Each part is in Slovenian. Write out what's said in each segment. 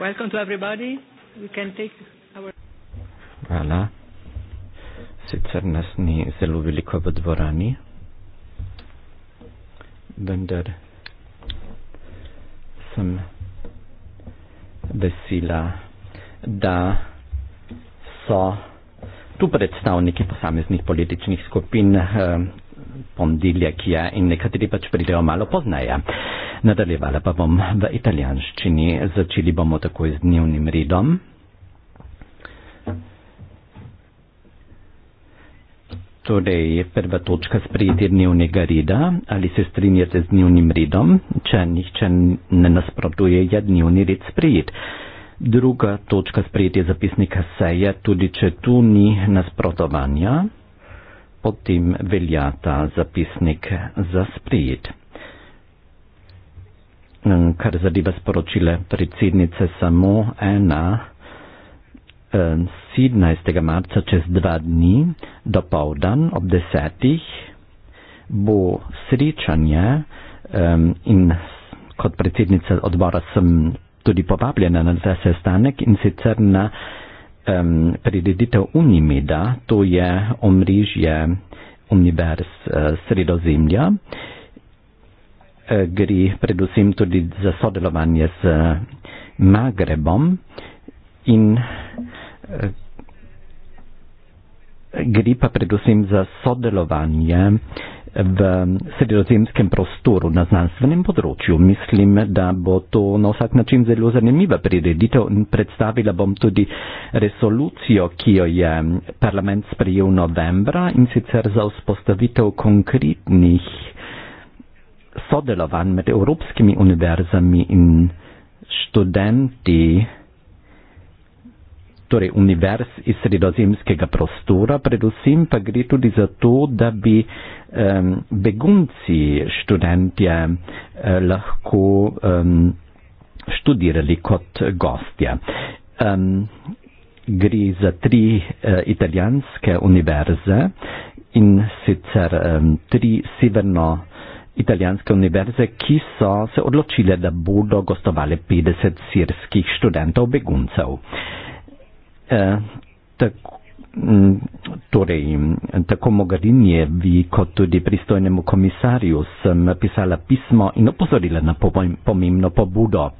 Welcome to everybody. We can take our... Hvala. Sicer nas ni zelo veliko v dvorani, vendar sem vesela, da so tu predstavniki posameznih političnih skupin eh, pondilja, ki je in nekateri pač pridejo malo poznaje. Eh, Nadaljevala pa bom v italijanščini. Začeli bomo takoj z dnevnim redom. Torej, prva točka sprejeti dnevnega reda. Ali se strinjate z dnevnim redom? Če nihče ne nasprotuje, je dnevni red sprejet. Druga točka sprejeti je zapisnika seje, tudi če tu ni nasprotovanja, potem veljata zapisnik za sprejet. Mm, kar zadeva sporočile predsednice, samo ena. 17. marca čez dva dni do povdan ob desetih bo srečanje um, in kot predsednica odbora sem tudi povabljena na ta sestanek in sicer na um, prireditev Unimeda, to je omrežje univerz uh, sredozemlja. Uh, gre predvsem tudi za sodelovanje z Magrebom in eh, gre pa predvsem za sodelovanje v sredozemskem prostoru na znanstvenem področju. Mislim, da bo to na vsak način zelo zanimiva prireditev in predstavila bom tudi resolucijo, ki jo je parlament sprejel novembra in sicer za vzpostavitev konkretnih sodelovan med evropskimi univerzami in študenti, torej univerz iz sredozemskega prostora, predvsem pa gre tudi za to, da bi um, begunci študentje eh, lahko um, študirali kot gostje. Um, gre za tri eh, italijanske univerze in sicer eh, tri severno italijanske univerze, ki so se odločile, da bodo gostovali 50 sirskih študentov beguncev. E, tak, torej, tako Mogarinjevi kot tudi pristojnemu komisarju sem pisala pismo in opozorila na pomembno pobudo.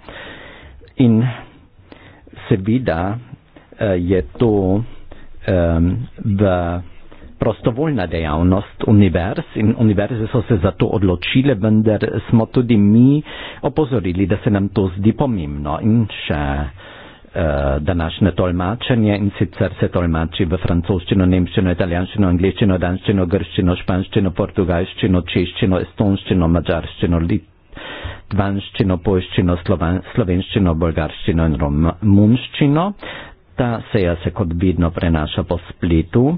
In seveda eh, je to um, v prostovoljna dejavnost univerz in univerze so se za to odločile, vendar smo tudi mi opozorili, da se nam to zdi pomembno in še eh, današnje tolmačenje in sicer se tolmači v francoščino, nemščino, italijanščino, angliščino, danščino, grščino, španščino, portugalščino, češčino, estonščino, mađarščino, litvanščino, poščino, slovenščino, bolgarščino in romunščino. Ta seja se kot vidno prenaša po spletu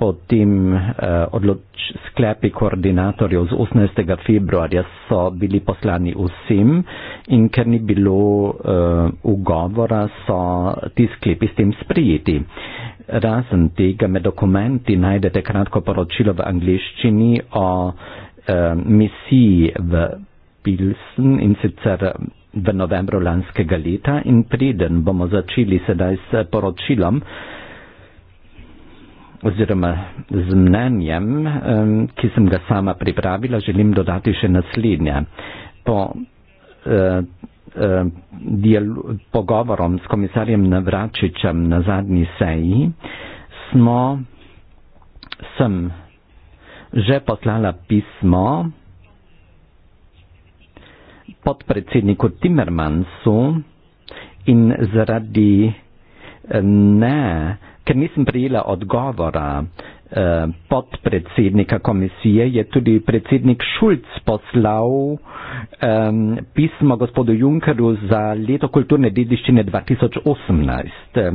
potem eh, odloč, sklepi koordinatorjev z 18. februarja so bili poslani vsem in ker ni bilo eh, ugovora, so ti sklepi s tem sprijeti. Razen tega med dokumenti najdete kratko poročilo v angliščini o eh, misiji v Pilsen in sicer v novembru lanskega leta in preden bomo začeli sedaj s poročilom, eh, oziroma z mnenjem, ki sem ga sama pripravila, želim dodati še naslednje. Po eh, eh, pogovorom s komisarjem Navračičem na zadnji seji smo, sem že poslala pismo podpredsedniku Timmermansu in zaradi ne ker nisem prijela odgovora eh, podpredsednika komisije, je tudi predsednik Šulc poslal eh, pismo gospodu Junkeru za leto kulturne dediščine 2018. Eh,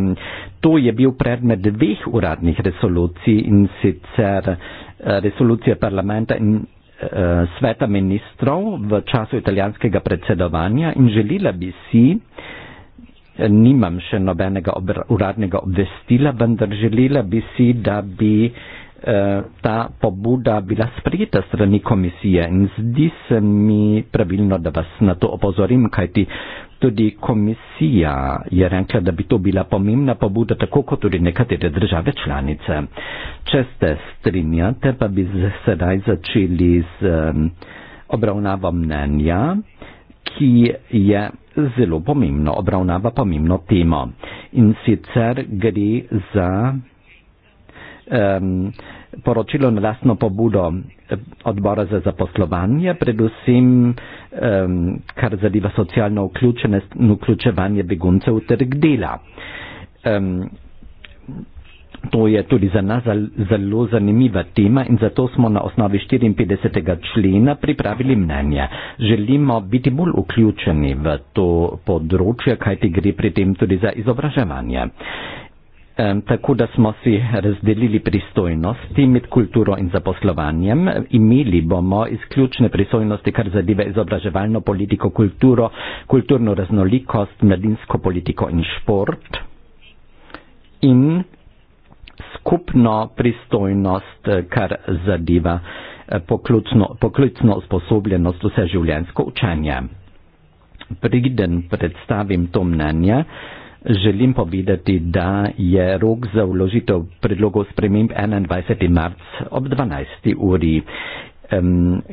to je bil predmet dveh uradnih resolucij in sicer eh, resolucije parlamenta in eh, sveta ministrov v času italijanskega predsedovanja in želela bi si, eh, nimam še nobenega uradnega obvestila, vendar želela bi si, da bi eh, ta pobuda bila sprejeta strani komisije in zdi se mi pravilno, da vas na to opozorim, kajti tudi komisija je rekla, da bi to bila pomembna pobuda, tako kot tudi nekatere države članice. Če ste strinjate, pa bi sedaj začeli z obravnavo mnenja ki je zelo pomembno, obravnava pomembno temo. In sicer gre za um, poročilo na lastno pobudo eh, odbora za zaposlovanje, predvsem um, kar zadeva socialno vključenost in vključevanje beguncev v trg dela. Um, To je tudi za nas zelo zanimiva tema in zato smo na osnovi 54. člena pripravili mnenje. Želimo biti bolj vključeni v to področje, kajti gre pri tem tudi za izobraževanje. Tako da smo si razdelili pristojnosti med kulturo in zaposlovanjem, imeli bomo izključne pristojnosti, kar zadeva izobraževalno politiko, kulturo, kulturno raznolikost, mladinsko politiko in šport. In skupno pristojnost, kar zadeva eh, poklucno, poklicno usposobljenost vse življenjsko učenje. Priden predstavim to mnenje, želim povedati, da je rok za vložitev predlogov sprememb 21. marc ob 12. uri.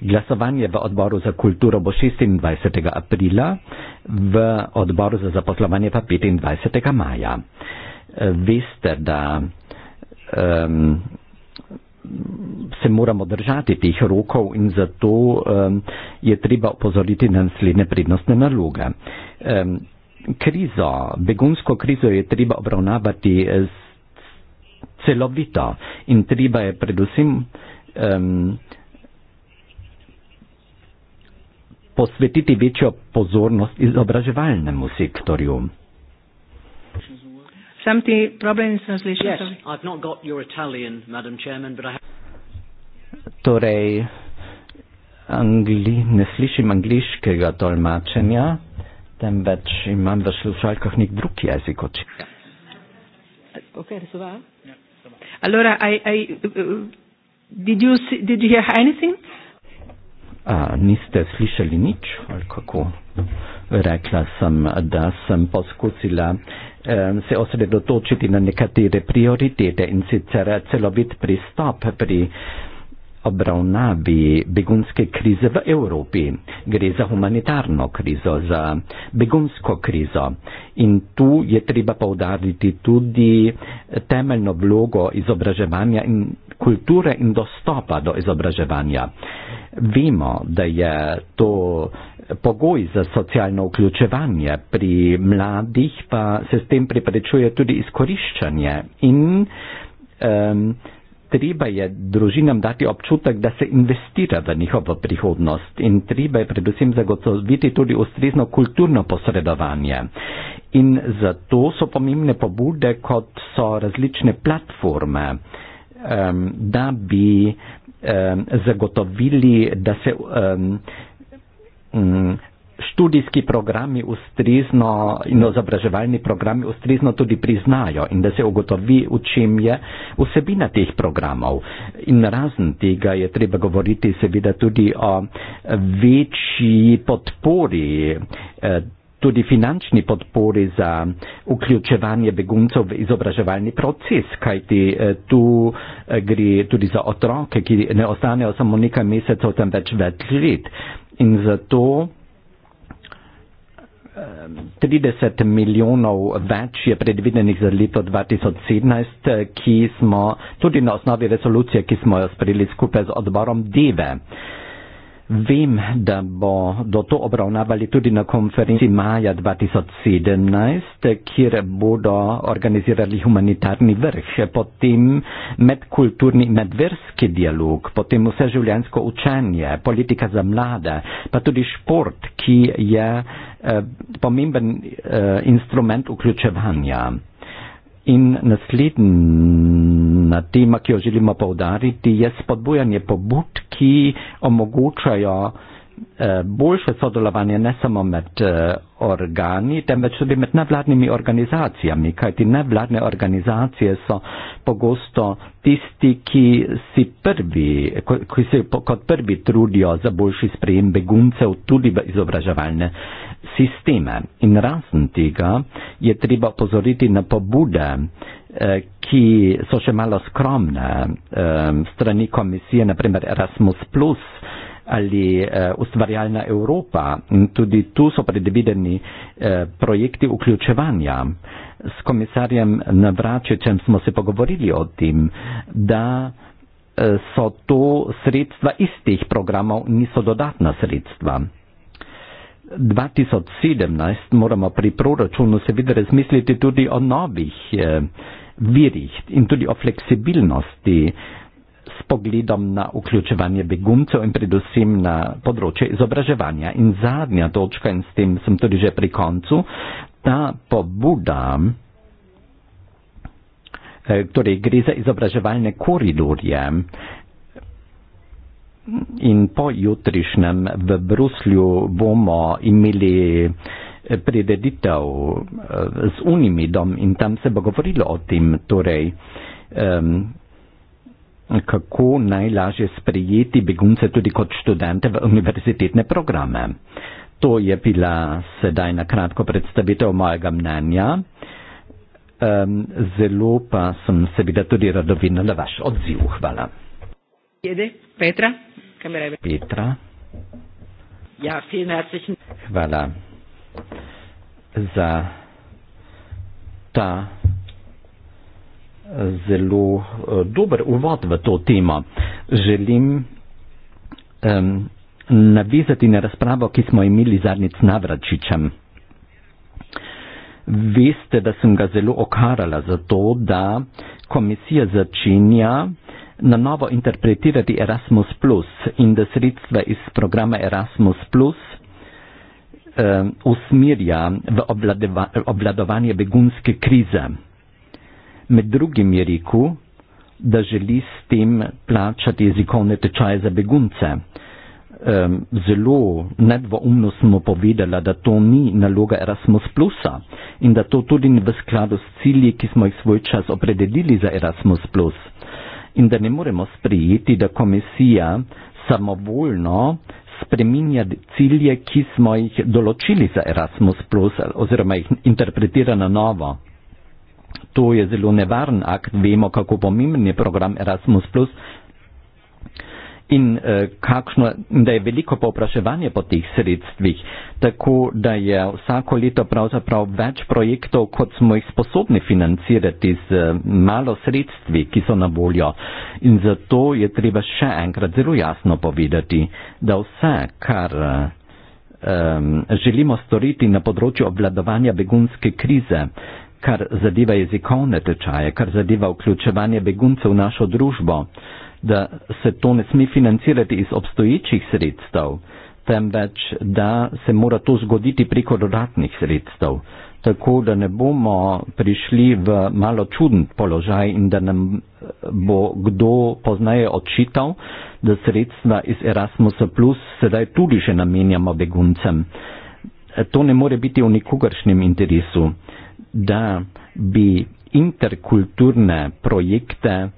Glasovanje v odboru za kulturo bo 26. aprila, v odboru za zaposlovanje pa 25. maja. Veste, da um, se moramo držati teh rokov in zato um, je treba opozoriti na naslednje prednostne naloge. Um, krizo, begunsko krizo je treba obravnavati eh, celovito in treba je predvsem um, posvetiti večjo pozornost izobraževalnemu sektorju. Something problem in translation. Yes, sorry. I've not got your Italian, Madam Chairman, but I have. Torej, angli, ne slišim angliškega tolmačenja, temveč imam v slušalkah nek drug jezik oči. Ok, so va? Allora, I, I, uh, did, you see, did you hear anything? A, niste slišali nič, ali kako? Rekla sem, da sem poskusila uh, se osredotočiti na nekatere prioritete in sicer celovit pristop pri obravnavi begunske krize v Evropi. Gre za humanitarno krizo, za begunsko krizo. In tu je treba povdariti tudi temeljno vlogo izobraževanja in kulture in dostopa do izobraževanja. Vemo, da je to pogoj za socialno vključevanje, pri mladih pa se s tem preprečuje tudi izkoriščanje. In um, treba je družinam dati občutek, da se investira v njihovo prihodnost in treba je predvsem zagotoviti tudi ustrezno kulturno posredovanje. In zato so pomembne pobude, kot so različne platforme, um, da bi um, zagotovili, da se. Um, Mm. študijski programi ustrizno in izobraževalni programi ustrizno tudi priznajo in da se ugotovi, v čem je vsebina teh programov. In razen tega je treba govoriti seveda tudi o večji podpori, eh, tudi finančni podpori za vključevanje beguncev v izobraževalni proces, kajti eh, tu eh, gre tudi za otroke, ki ne ostanejo samo nekaj mesecev, temveč več let in zato 30 ehm, milijonov več je predvidenih za leto 2017, ki smo tudi na osnovi resolucije, ki smo jo sprejeli skupaj z odborom DEVE. Vem, da bodo to obravnavali tudi na konferenci maja 2017, kjer bodo organizirali humanitarni vrh, potem medkulturni medverski dialog, potem vseživljansko učenje, politika za mlade, pa tudi šport, ki je eh, pomemben eh, instrument vključevanja. In naslednja tema, ki jo želimo povdariti, je spodbujanje pobud, ki omogočajo eh, boljše sodelovanje ne samo med eh, organi, temveč tudi med nevladnimi organizacijami, kajti nevladne organizacije so pogosto tisti, ki si prvi, ki se kot prvi trudijo za boljši sprejem beguncev tudi v izobraževalne sisteme. In razen tega je treba pozoriti na pobude, eh, ki so še malo skromne eh, strani komisije, naprimer Erasmus, ali eh, ustvarjalna Evropa. Tudi tu so predvideni eh, projekti vključevanja. S komisarjem Navračečem smo se pogovorili o tem, da eh, so to sredstva istih programov, niso dodatna sredstva. 2017 moramo pri proračunu seveda razmisliti tudi o novih eh, virih in tudi o fleksibilnosti. Eh, s pogledom na vključevanje beguncev in predvsem na področje izobraževanja. In zadnja točka, in s tem sem tudi že pri koncu, ta pobuda, eh, torej gre za izobraževalne koridorje. In po jutrišnjem v Bruslju bomo imeli eh, prireditev eh, z Unimidom in tam se bo govorilo o tem, torej kako najlažje sprejeti begunce tudi kot študente v univerzitetne programe. To je bila sedaj na kratko predstavitev mojega mnenja. Um, zelo pa sem seveda tudi radovina na vaš odziv. Hvala. Petra. Petra. Ja, hvala za ta zelo eh, dober uvod v to temo. Želim um, navizati na razpravo, ki smo imeli zadnjič s Navračičem. Veste, da sem ga zelo okarala za to, da komisija začenja na novo interpretirati Erasmus Plus in da sredstva iz programa Erasmus Plus um, usmirja v obladeva, obladovanje begunske krize med drugim je rekel, da želi s tem plačati jezikovne tečaje za begunce. Ehm, zelo nedvoumno smo povedali, da to ni naloga Erasmus Plus in da to tudi ni v skladu s cilji, ki smo jih svoj čas opredelili za Erasmus Plus in da ne moremo sprijeti, da komisija samovoljno spreminja cilje, ki smo jih določili za Erasmus Plus oziroma jih interpretira na novo. To je zelo nevaren akt, vemo, kako pomemben je program Erasmus, in eh, kakšno, da je veliko povpraševanje po teh sredstvih, tako da je vsako leto pravzaprav več projektov, kot smo jih sposobni financirati z eh, malo sredstvi, ki so na voljo. In zato je treba še enkrat zelo jasno povedati, da vse, kar eh, želimo storiti na področju obvladovanja begunske krize, eh, kar zadeva jezikovne tečaje, kar zadeva vključevanje beguncev v našo družbo, da se to ne sme financirati iz obstoječih sredstev, temveč da se mora to zgoditi preko dodatnih sredstev, tako da ne bomo prišli v malo čuden položaj in da nam eh, bo kdo poznaje očital, da sredstva iz Erasmusa Plus sedaj tudi že namenjamo beguncem. To ne more biti v nikogaršnjem interesu da bi interkulturne projekte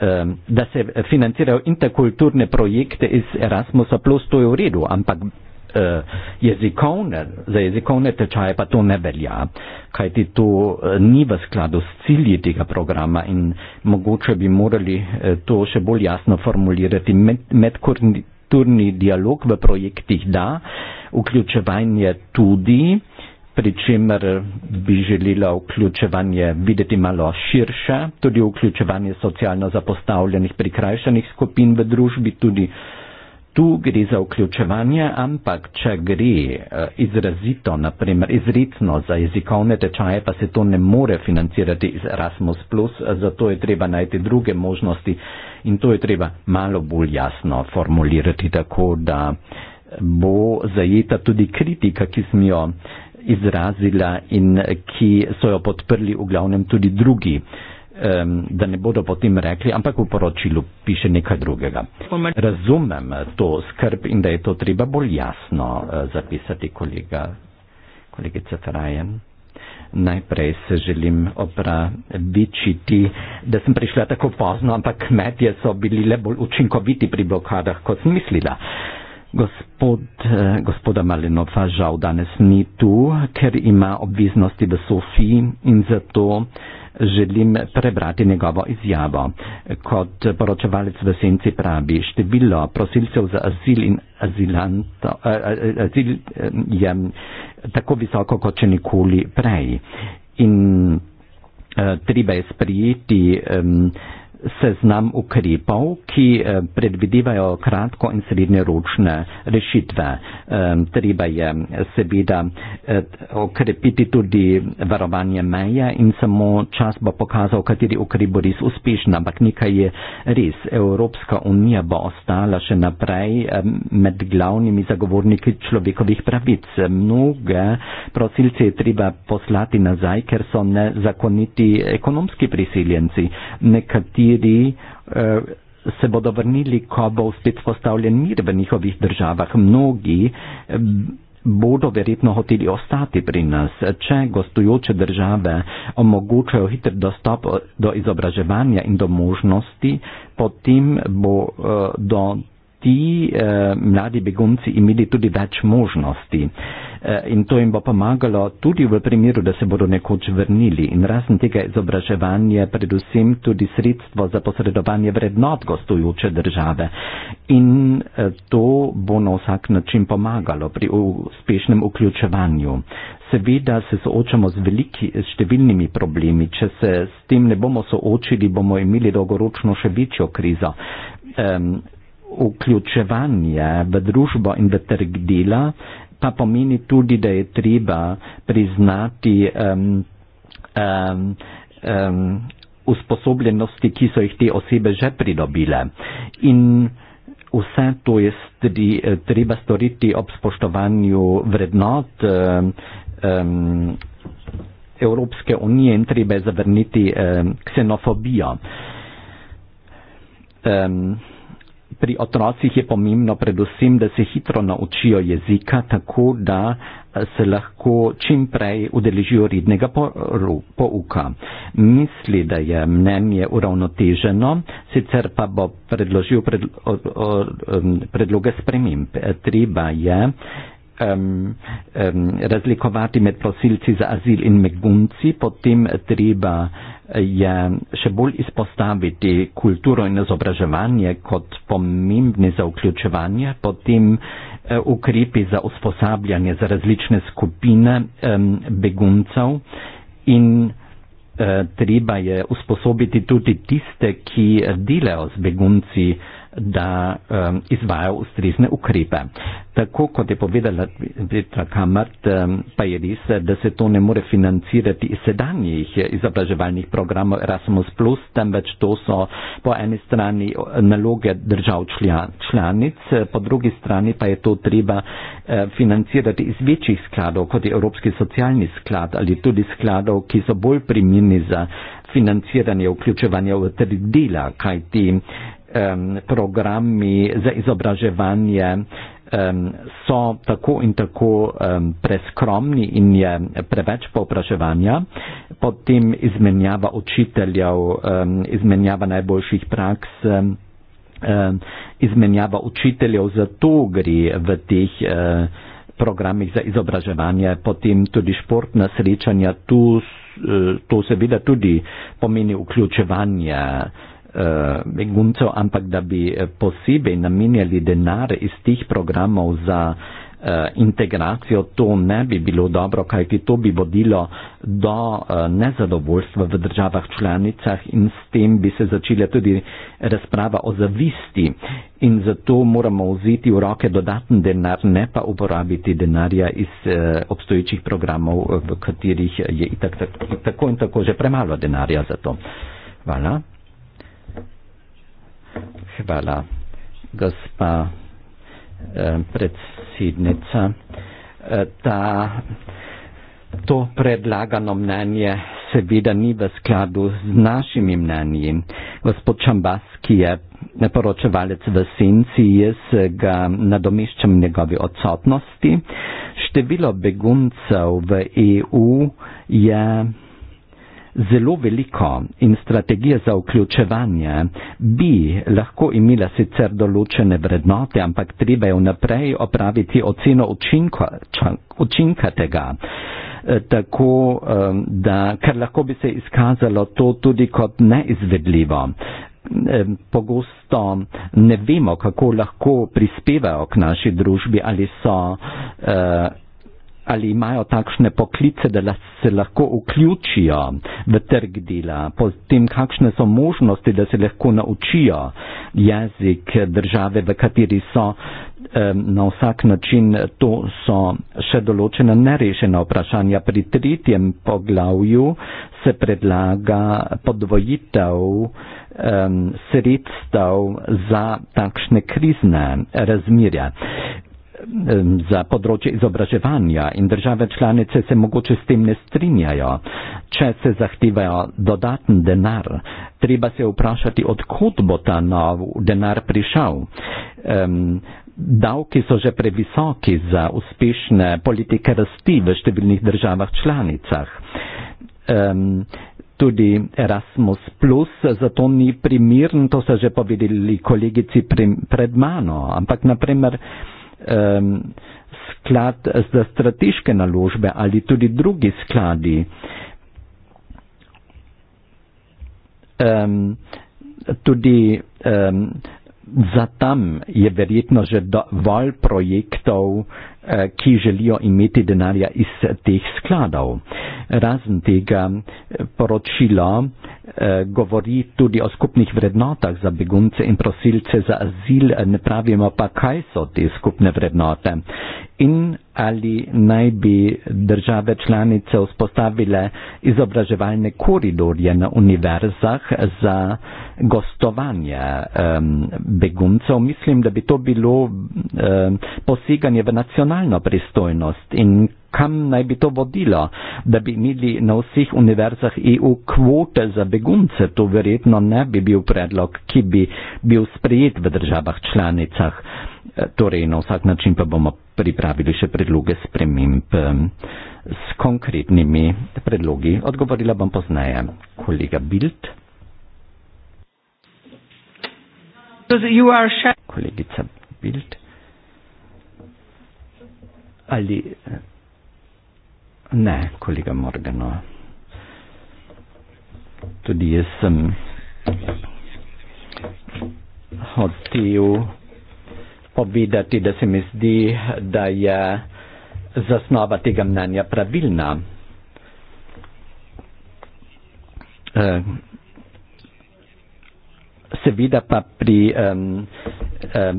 ehm, da se financirajo interkulturne projekte iz Erasmusa plus to je v redu, ampak eh, jezikovne, za jezikovne tečaje pa to ne velja, kajti to eh, ni v skladu s cilji tega programa in mogoče bi morali eh, to še bolj jasno formulirati. Med, medkulturni dialog v projektih da, vključevanje tudi eh, pri čemer bi želela vključevanje videti malo širše, tudi vključevanje socialno zapostavljenih, prikrajšanih skupin v družbi, tudi tu gre za vključevanje, ampak če gre eh, izrazito, naprimer izritno za jezikovne tečaje, pa se to ne more financirati z Erasmus, zato je treba najti druge možnosti in to je treba malo bolj jasno formulirati tako, da bo zajeta tudi kritika, ki smo jo izrazila in ki so jo podprli v glavnem tudi drugi, da ne bodo potem rekli, ampak v poročilu piše nekaj drugega. Razumem to skrb in da je to treba bolj jasno eh, zapisati, kolega, kolegica Trajen. Najprej se želim opravičiti, da sem prišla tako pozno, ampak kmetje so bili le bolj učinkoviti pri blokadah, kot sem mislila. Gospod, eh, gospoda Malinova, žal danes ni tu, ker ima obveznosti v Sofiji in zato želim prebrati njegovo izjavo. Kot poročevalec v Senci pravi, število prosilcev za azil in azilanto, eh, eh, azil je tako visoko kot še nikoli prej. In treba je sprijeti. Um, seznam ukrepov, ki eh, predvidevajo kratko in srednjeročne rešitve. Treba je seveda eh, okrepiti tudi varovanje meje in samo čas bo pokazal, kateri ukrep bo res uspešen, ampak nekaj je res. Evropska unija bo ostala še naprej med glavnimi zagovorniki človekovih pravic. Mnoge prosilce je treba poslati nazaj, ker so nezakoniti ekonomski priseljenci. Nekateri Siriji eh, se bodo vrnili, ko bo spet postavljen mir v njihovih državah. Mnogi eh, bodo verjetno hoteli ostati pri nas, če gostujoče države omogočajo hiter dostop eh, do izobraževanja in do možnosti, potem bo do ti eh, mladi begunci imeli tudi več možnosti eh, in to jim bo pomagalo tudi v primeru, da se bodo nekoč vrnili in razen tega izobraževanje, predvsem tudi sredstvo za posredovanje vrednot gostujoče države in eh, to bo na vsak način pomagalo pri uspešnem vključevanju. Seveda se soočamo z veliki, številnimi problemi, če se s tem ne bomo soočili, bomo imeli dolgoročno še večjo krizo. Eh, vključevanje v družbo in v trg dela, pa pomeni tudi, da je treba priznati um, um, um, usposobljenosti, ki so jih te osebe že pridobile. In vse to je stri, eh, treba storiti ob spoštovanju vrednot um, Evropske unije in treba je zavrniti um, ksenofobijo. Um, pri otrocih je pomembno predvsem, da se hitro naučijo jezika, tako da eh, se lahko čim prej udeležijo rednega pouka. Misli, da je mnenje uravnoteženo, sicer pa bo predložil predloge sprememb. Treba je um, um, razlikovati med prosilci za azil in begunci, potem treba je še bolj izpostaviti kulturo in izobraževanje kot pomembni za vključevanje, potem eh, ukrepi za usposabljanje za različne skupine beguncev in eh, treba je usposobiti tudi tiste, ki delajo z begunci da um, izvajo ustrezne ukrepe. Tako kot je povedala Petra Kamart, um, pa je res, da se to ne more financirati iz sedanjih izobraževalnih programov Erasmus, Plus, temveč to so po eni strani naloge držav članic, po drugi strani pa je to treba eh, financirati iz večjih skladov, kot je Evropski socialni sklad ali tudi skladov, ki so bolj primini za financiranje vključevanja v trg dela, kajti um, programi za izobraževanje um, so tako in tako um, preskromni in je preveč povpraševanja, potem izmenjava učiteljev, um, izmenjava najboljših praks, um, izmenjava učiteljev, zato gre v teh uh, programih za izobraževanje, potem tudi športna srečanja, tu, eh, to seveda tudi pomeni vključevanje uh, Eh, begunto, ampak da bi eh, posebej namenjali denar iz tih programov za eh, integracijo, to ne bi bilo dobro, kajti to bi vodilo do nezadovoljstva v državah članicah in s tem bi se začela tudi razprava o zavisti in zato moramo vzeti v roke dodaten denar, ne pa uporabiti denarja iz obstoječih programov, v katerih je itak, tako in tako že premalo denarja za to. Hvala. Voilà. Hvala, gospa eh, predsednica. Eh, ta, to predlagano mnenje seveda ni v skladu z našimi mnenji. Gospod Čambas, ki je neporočevalec v senci, jaz ga nadomeščam njegovi odsotnosti. Število beguncev v EU je zelo veliko in strategija za vključevanje bi lahko imela sicer določene vrednote, ampak treba je vnaprej opraviti oceno učinko, čank, učinka tega. E, tako, da, ker lahko bi se izkazalo to tudi kot neizvedljivo. Pogosto ne vemo, kako lahko prispevajo k naši družbi ali so e, ali imajo takšne poklice, da se lahko vključijo v trg dela, potem kakšne so možnosti, da se lahko naučijo jezik države, v kateri so na vsak način, to so še določena nerešena vprašanja. Pri tretjem poglavju se predlaga podvojitev sredstev za takšne krizne razmirja za področje izobraževanja in države članice se mogoče s tem ne strinjajo. Če se zahtevajo dodaten denar, treba se vprašati, odkud bo ta nov denar prišel. Um, davki so že previsoki za uspešne politike rasti v številnih državah članicah. Um, tudi Erasmus Plus zato ni primern, to so že povedali kolegici pred mano, ampak naprimer, um, sklad za strateške naložbe ali tudi drugi skladi. Um, tudi um, za tam je verjetno že dovolj projektov, Eh, ki želijo imeti denarja iz teh skladov. Razen tega eh, poročilo eh, govori tudi o skupnih vrednotah za begunce in prosilce za azil, ne pravimo pa, kaj so te skupne vrednote. In ali naj bi države članice vzpostavile izobraževalne koridorje na univerzah za gostovanje um, beguncev. Mislim, da bi to bilo um, poseganje v nacionalno globalno pristojnost in kam naj bi to vodilo, da bi imeli na vseh univerzah EU kvote za begunce, to verjetno ne bi bil predlog, ki bi bil sprejet v državah članicah. E, torej, na vsak način pa bomo pripravili še predloge sprememb e, s konkretnimi predlogi. Odgovorila bom poznajem. Kolega Bild. Kolegica Bild. Ali ne, kolega Morganova? Tudi jaz sem hotel povedati, da se mi zdi, da je zasnova tega mnenja pravilna. Eh, seveda pa pri um, um,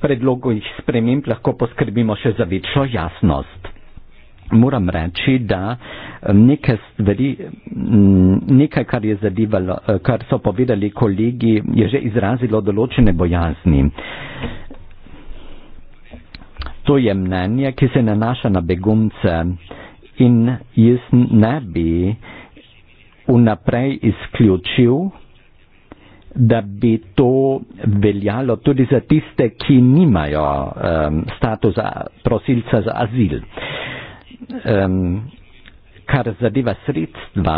predlogih sprememb lahko poskrbimo še za večjo jasnost. Moram reči, da neke stvari, nekaj, kar, je zadivalo, e, kar so povedali kolegi, je že izrazilo določene bojazni. To je mnenje, ki se nanaša na begunce in jaz ne bi vnaprej izključil da bi to veljalo tudi za tiste, ki nimajo um, statusa prosilca za azil. Um, kar zadeva sredstva,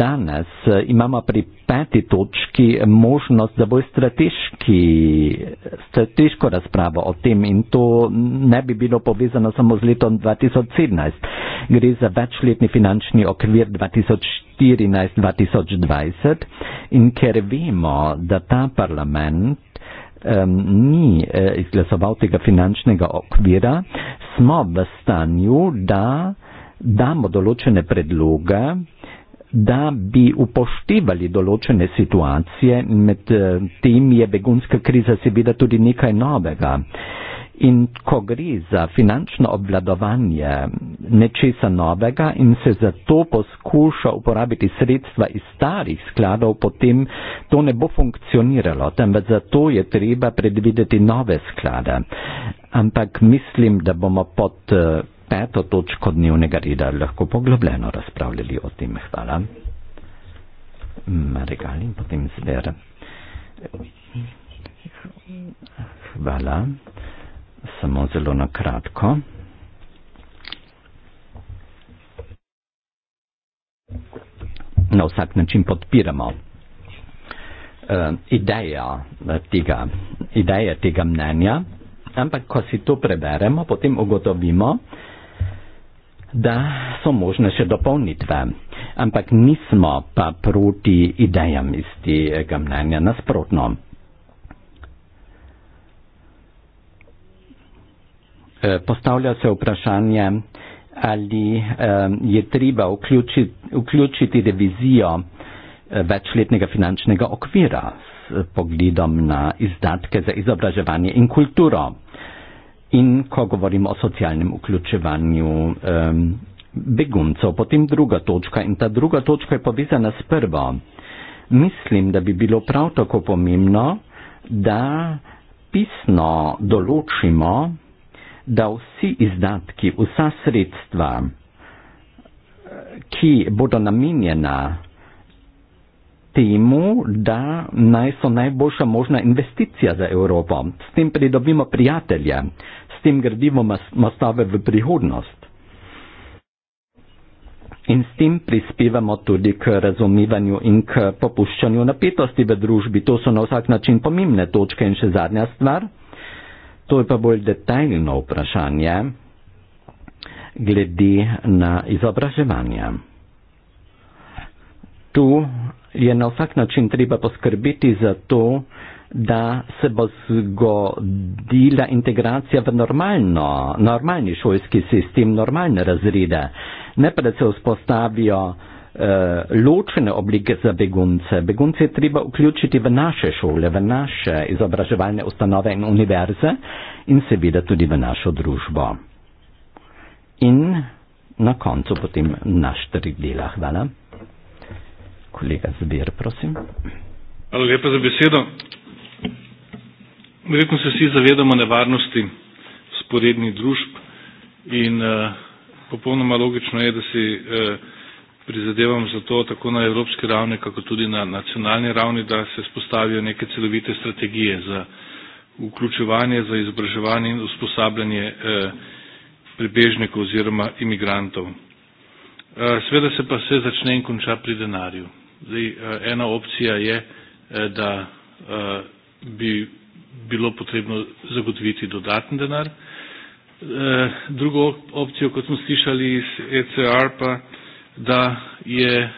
danes eh, imamo pri peti točki možnost za bolj strateški, strateško razpravo o tem in to ne bi bilo povezano samo z letom 2017. Gre za večletni finančni okvir 2014-2020 in ker vemo, da ta parlament ni eh, izglasoval tega finančnega okvira, smo v stanju, da damo določene predloge, da bi upoštevali določene situacije, med eh, tem je begunska kriza seveda tudi nekaj novega. In ko gre za finančno obvladovanje nečesa novega in se zato poskuša uporabiti sredstva iz starih skladov, potem to ne bo funkcioniralo, temveč zato je treba predvideti nove sklade. Ampak mislim, da bomo pod eh, peto točko dnevnega reda lahko poglobljeno razpravljali o tem. Hvala. Marekal in potem zver. Hvala. Samo zelo na kratko. Na vsak način podpiramo uh, eh, idejo eh, tega, ideje tega mnenja, ampak ko si to preberemo, potem ugotovimo, uh, da so možne še dopolnitve, ampak nismo pa proti idejam iz tega mnenja nasprotno. E, postavlja se vprašanje, ali e, je treba vključiti, vključiti revizijo e, večletnega finančnega okvira s pogledom na izdatke za izobraževanje in kulturo. In ko govorimo o socialnem vključevanju um, beguncev, potem druga točka in ta druga točka je povezana s prvo. Mislim, da bi bilo prav tako pomembno, da pisno določimo, da vsi izdatki, vsa sredstva, ki bodo namenjena temu, da naj so najboljša možna investicija za Evropo, s tem pridobimo prijatelje, tem gradimo mostove v prihodnost. In s tem prispevamo tudi k razumivanju in k popuščanju napetosti v družbi. To so na vsak način pomembne točke in še zadnja stvar. To je pa bolj detaljno vprašanje glede na izobraževanje. Tu je na vsak način treba poskrbeti za to, da se bo zgodila integracija v normalno, normalni šolski sistem, normalne razrede, ne pa da se vzpostavijo eh, ločene oblike za begunce. Begunce je treba vključiti v naše šole, v naše izobraževalne ustanove in univerze in seveda tudi v našo družbo. In na koncu potem naš tri dela. Hvala. Kolega Zbir, prosim. Hvala lepa za besedo. Verjetno se vsi zavedamo nevarnosti sporednih družb in uh, popolnoma logično je, da si uh, prizadevam za to tako na evropski ravni, kako tudi na nacionalni ravni, da se spostavijo neke celovite strategije za vključevanje, za izobraževanje in usposabljanje uh, prebežnikov oziroma imigrantov. Uh, sveda se pa vse začne in konča pri denarju. Zdaj, uh, ena opcija je, uh, da uh, bi bilo potrebno zagotoviti dodaten denar. Eh, drugo opcijo, kot smo slišali iz ECR pa, da je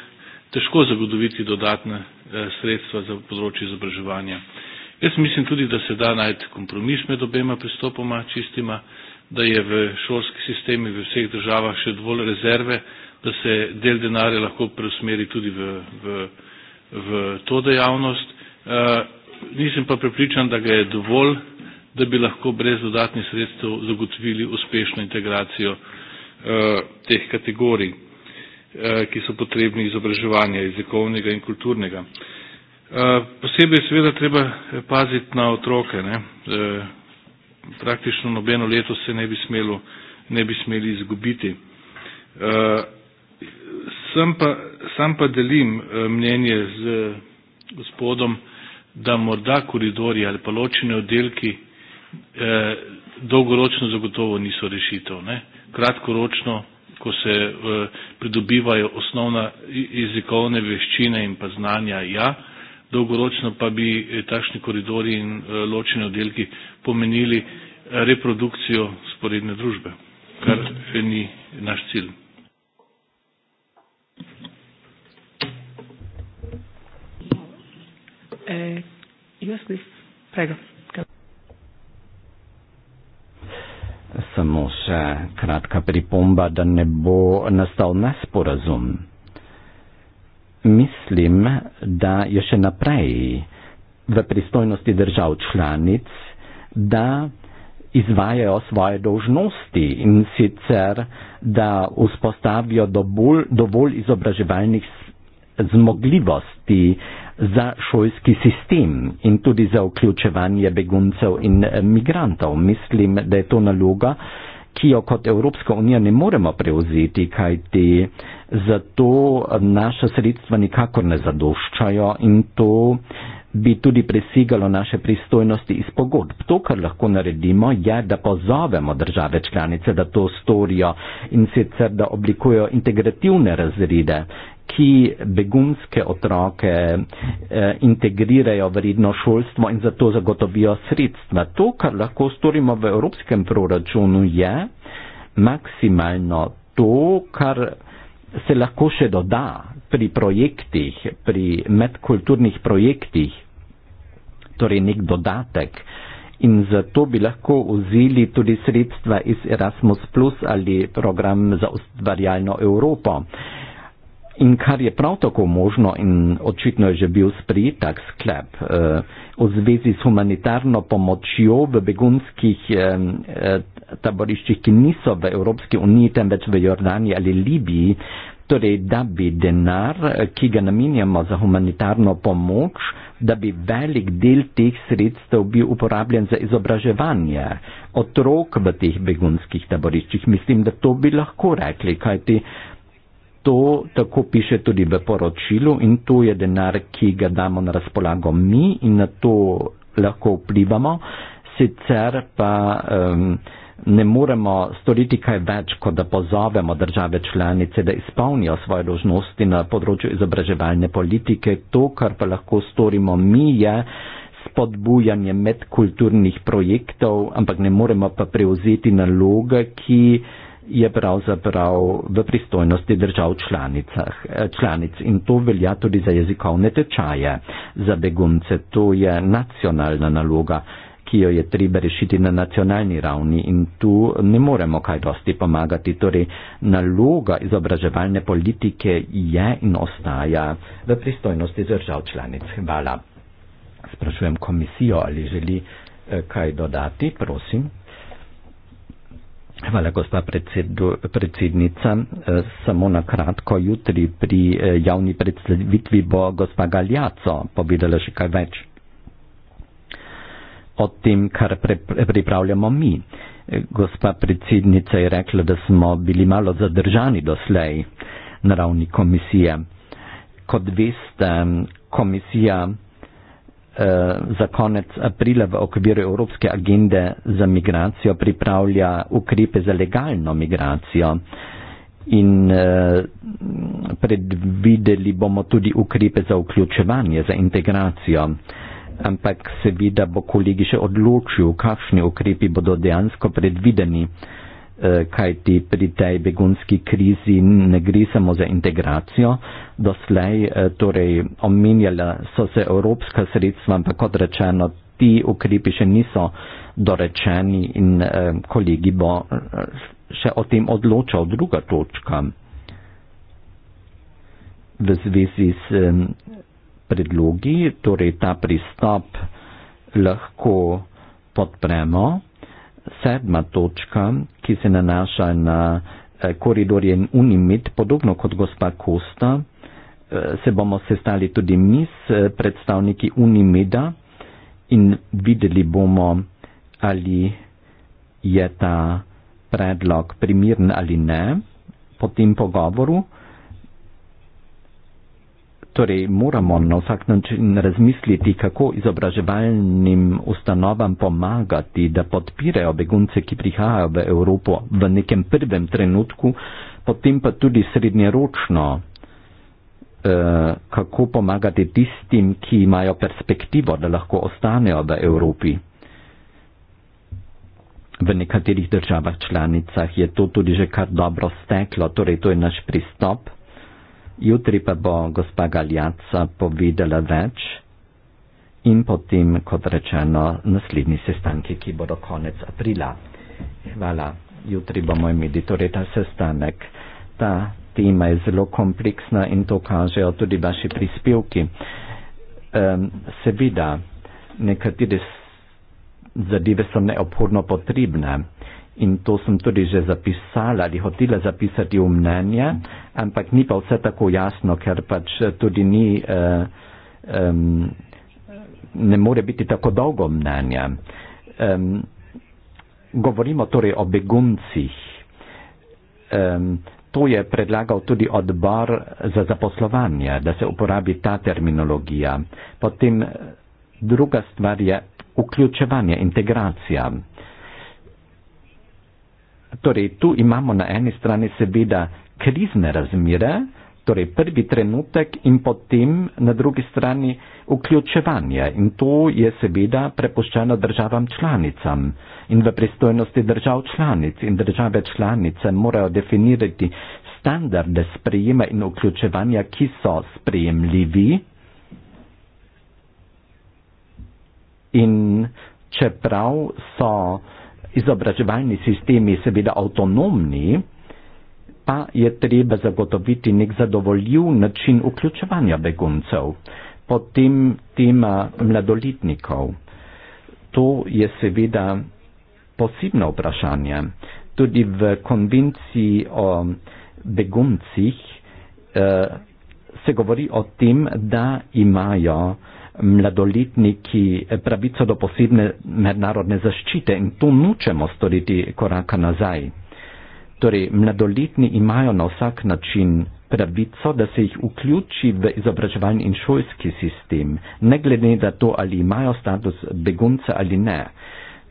težko zagotoviti dodatne eh, sredstva za področje izobraževanja. Jaz mislim tudi, da se da najti kompromis med obema pristopoma čistima, da je v šolskih sistemih v vseh državah še dovolj rezerve, da se del denarja lahko preusmeri tudi v, v, v to dejavnost. Eh, nisem pa prepričan, da ga je dovolj, da bi lahko brez dodatnih sredstev zagotovili uspešno integracijo eh, teh kategorij, eh, ki so potrebni izobraževanja jezikovnega in kulturnega. Eh, posebej seveda treba eh, paziti na otroke. Ne? Eh, praktično nobeno leto se ne bi, smelo, ne bi smeli izgubiti. Eh, sem pa, sam pa delim eh, mnenje z gospodom, da morda koridori ali pa ločene oddelki eh, dolgoročno zagotovo niso rešitev. Ne? Kratkoročno, ko se eh, pridobivajo osnovna jezikovne veščine in pa znanja, ja, dolgoročno pa bi eh, takšni koridori in eh, ločene oddelki pomenili eh, reprodukcijo sporedne družbe, kar ni naš cilj. É, eh, e assim, prega. Samo še kratka pripomba, da ne bo nastal nesporazum. Mislim, da je še naprej v pristojnosti držav članic, da izvajajo svoje dožnosti in sicer, da vzpostavijo dovolj izobraževalnih zmogljivosti za šolski sistem in tudi za vključevanje beguncev in eh, migrantov. Mislim, da je to naloga, ki jo kot Evropska unija ne moremo prevzeti, kajti zato eh, naša sredstva nikakor ne zadoščajo in to bi tudi presegalo naše pristojnosti iz pogodb. To, kar lahko naredimo, je, da pozovemo države članice, da to storijo in sicer, da oblikujejo integrativne razrede ki begunske otroke eh, integrirajo vredno šolstvo in zato zagotovijo sredstva. To, kar lahko storimo v evropskem proračunu, je maksimalno to, kar se lahko še doda pri projektih, pri medkulturnih projektih, torej nek dodatek. In zato bi lahko vzeli tudi sredstva iz Erasmus, ali program za ustvarjalno Evropo. Eh, In kar je prav tako možno in očitno je že bil sprijet tak sklep eh, v zvezi s humanitarno pomočjo v begunskih eh, eh taboriščih, ki niso v Evropski uniji, temveč v Jordani ali Libiji, torej da bi denar, eh, ki ga namenjamo za humanitarno pomoč, da bi velik del teh sredstev bil uporabljen za izobraževanje otrok v teh begunskih taboriščih. Mislim, da to bi lahko rekli, kajti to tako piše tudi v poročilu in to je denar, ki ga damo na razpolago mi in na to lahko vplivamo, sicer pa um, ne moremo storiti kaj več, kot da pozovemo države članice, da izpolnijo svoje dožnosti na področju izobraževalne politike. To, kar pa lahko storimo mi, je spodbujanje medkulturnih projektov, ampak ne moremo pa prevzeti naloge, ki je pravzaprav v pristojnosti držav eh, članic in to velja tudi za jezikovne tečaje za begunce. To je nacionalna naloga, ki jo je treba rešiti na nacionalni ravni in tu ne moremo kaj dosti pomagati. Torej, naloga izobraževalne politike je in ostaja v pristojnosti držav članic. Hvala. Sprašujem komisijo, ali želi eh, kaj dodati, prosim. Hvala, gospa predsednica. Eh, samo na kratko, jutri pri eh, javni predstavitvi bo gospa Galjaco povedala še kaj več o tem, kar pripravljamo mi. Eh, gospa predsednica je rekla, da smo bili malo zadržani doslej na ravni komisije. Kot veste, komisija Eh, za konec aprila v okviru Evropske agende za migracijo pripravlja ukrepe za legalno migracijo in eh, predvideli bomo tudi ukrepe za vključevanje, za integracijo. Ampak seveda bo kolegi še odločil, kakšni ukrepi bodo dejansko predvideni. Eh, kajti pri tej begunski krizi ne gre samo za integracijo. Doslej eh, torej omenjala so se evropska sredstva, ampak kot rečeno, ti ukrepi še niso dorečeni in eh, kolegi bo še o tem odločal druga točka v zvezi s predlogi, torej ta pristop lahko podpremo sedma točka, ki se nanaša na eh, koridor in unimit, podobno kot gospa Kosta, eh, se bomo sestali tudi mi s eh, predstavniki unimida in videli bomo, ali je ta predlog primiren ali ne, po tem pogovoru. Torej, moramo na vsak način razmisliti, kako izobraževalnim ustanovam pomagati, da podpirajo begunce, ki prihajajo v Evropo v nekem prvem trenutku, potem pa tudi srednjeročno, eh, kako pomagati tistim, ki imajo perspektivo, da lahko ostanejo v Evropi. V nekaterih državah članicah je to tudi že kar dobro steklo, torej to je naš pristop jutri pa bo gospa Galjaca povedala več in potem, kot rečeno, naslednji sestanki, ki bodo konec aprila. Hvala. Jutri bomo imeli torej ta sestanek. Ta tema je zelo kompleksna in to kažejo tudi vaši prispevki. Um, seveda, nekatere zadeve so neophodno potrebne in to sem tudi že zapisala ali hotela zapisati v mnenje, ampak ni pa vse tako jasno, ker pač tudi ni, um, ne more biti tako dolgo mnenje. Um, govorimo torej o beguncih. Um, to je predlagal tudi odbor za zaposlovanje, da se uporabi ta terminologija. Potem druga stvar je vključevanje, integracija. Torej, tu imamo na eni strani seveda krizne razmere, torej prvi trenutek in potem na drugi strani vključevanje in to je seveda prepuščeno državam članicam in v pristojnosti držav članic in države članice morajo definirati standarde sprejema in vključevanja, ki so sprejemljivi in čeprav so izobraževalni sistemi seveda avtonomni, pa je treba zagotoviti nek zadovoljiv način vključevanja beguncev, potem tema mladoletnikov. To je seveda posebno vprašanje. Tudi v konvenciji o beguncih eh, se govori o tem, da imajo eh, mladoletniki eh, pravico do posebne mednarodne zaščite in to nočemo storiti koraka nazaj. Torej, mladoletni imajo na vsak način pravico, da se jih vključi v izobraževalni in šolski sistem, ne glede na to, ali imajo status begunca ali ne.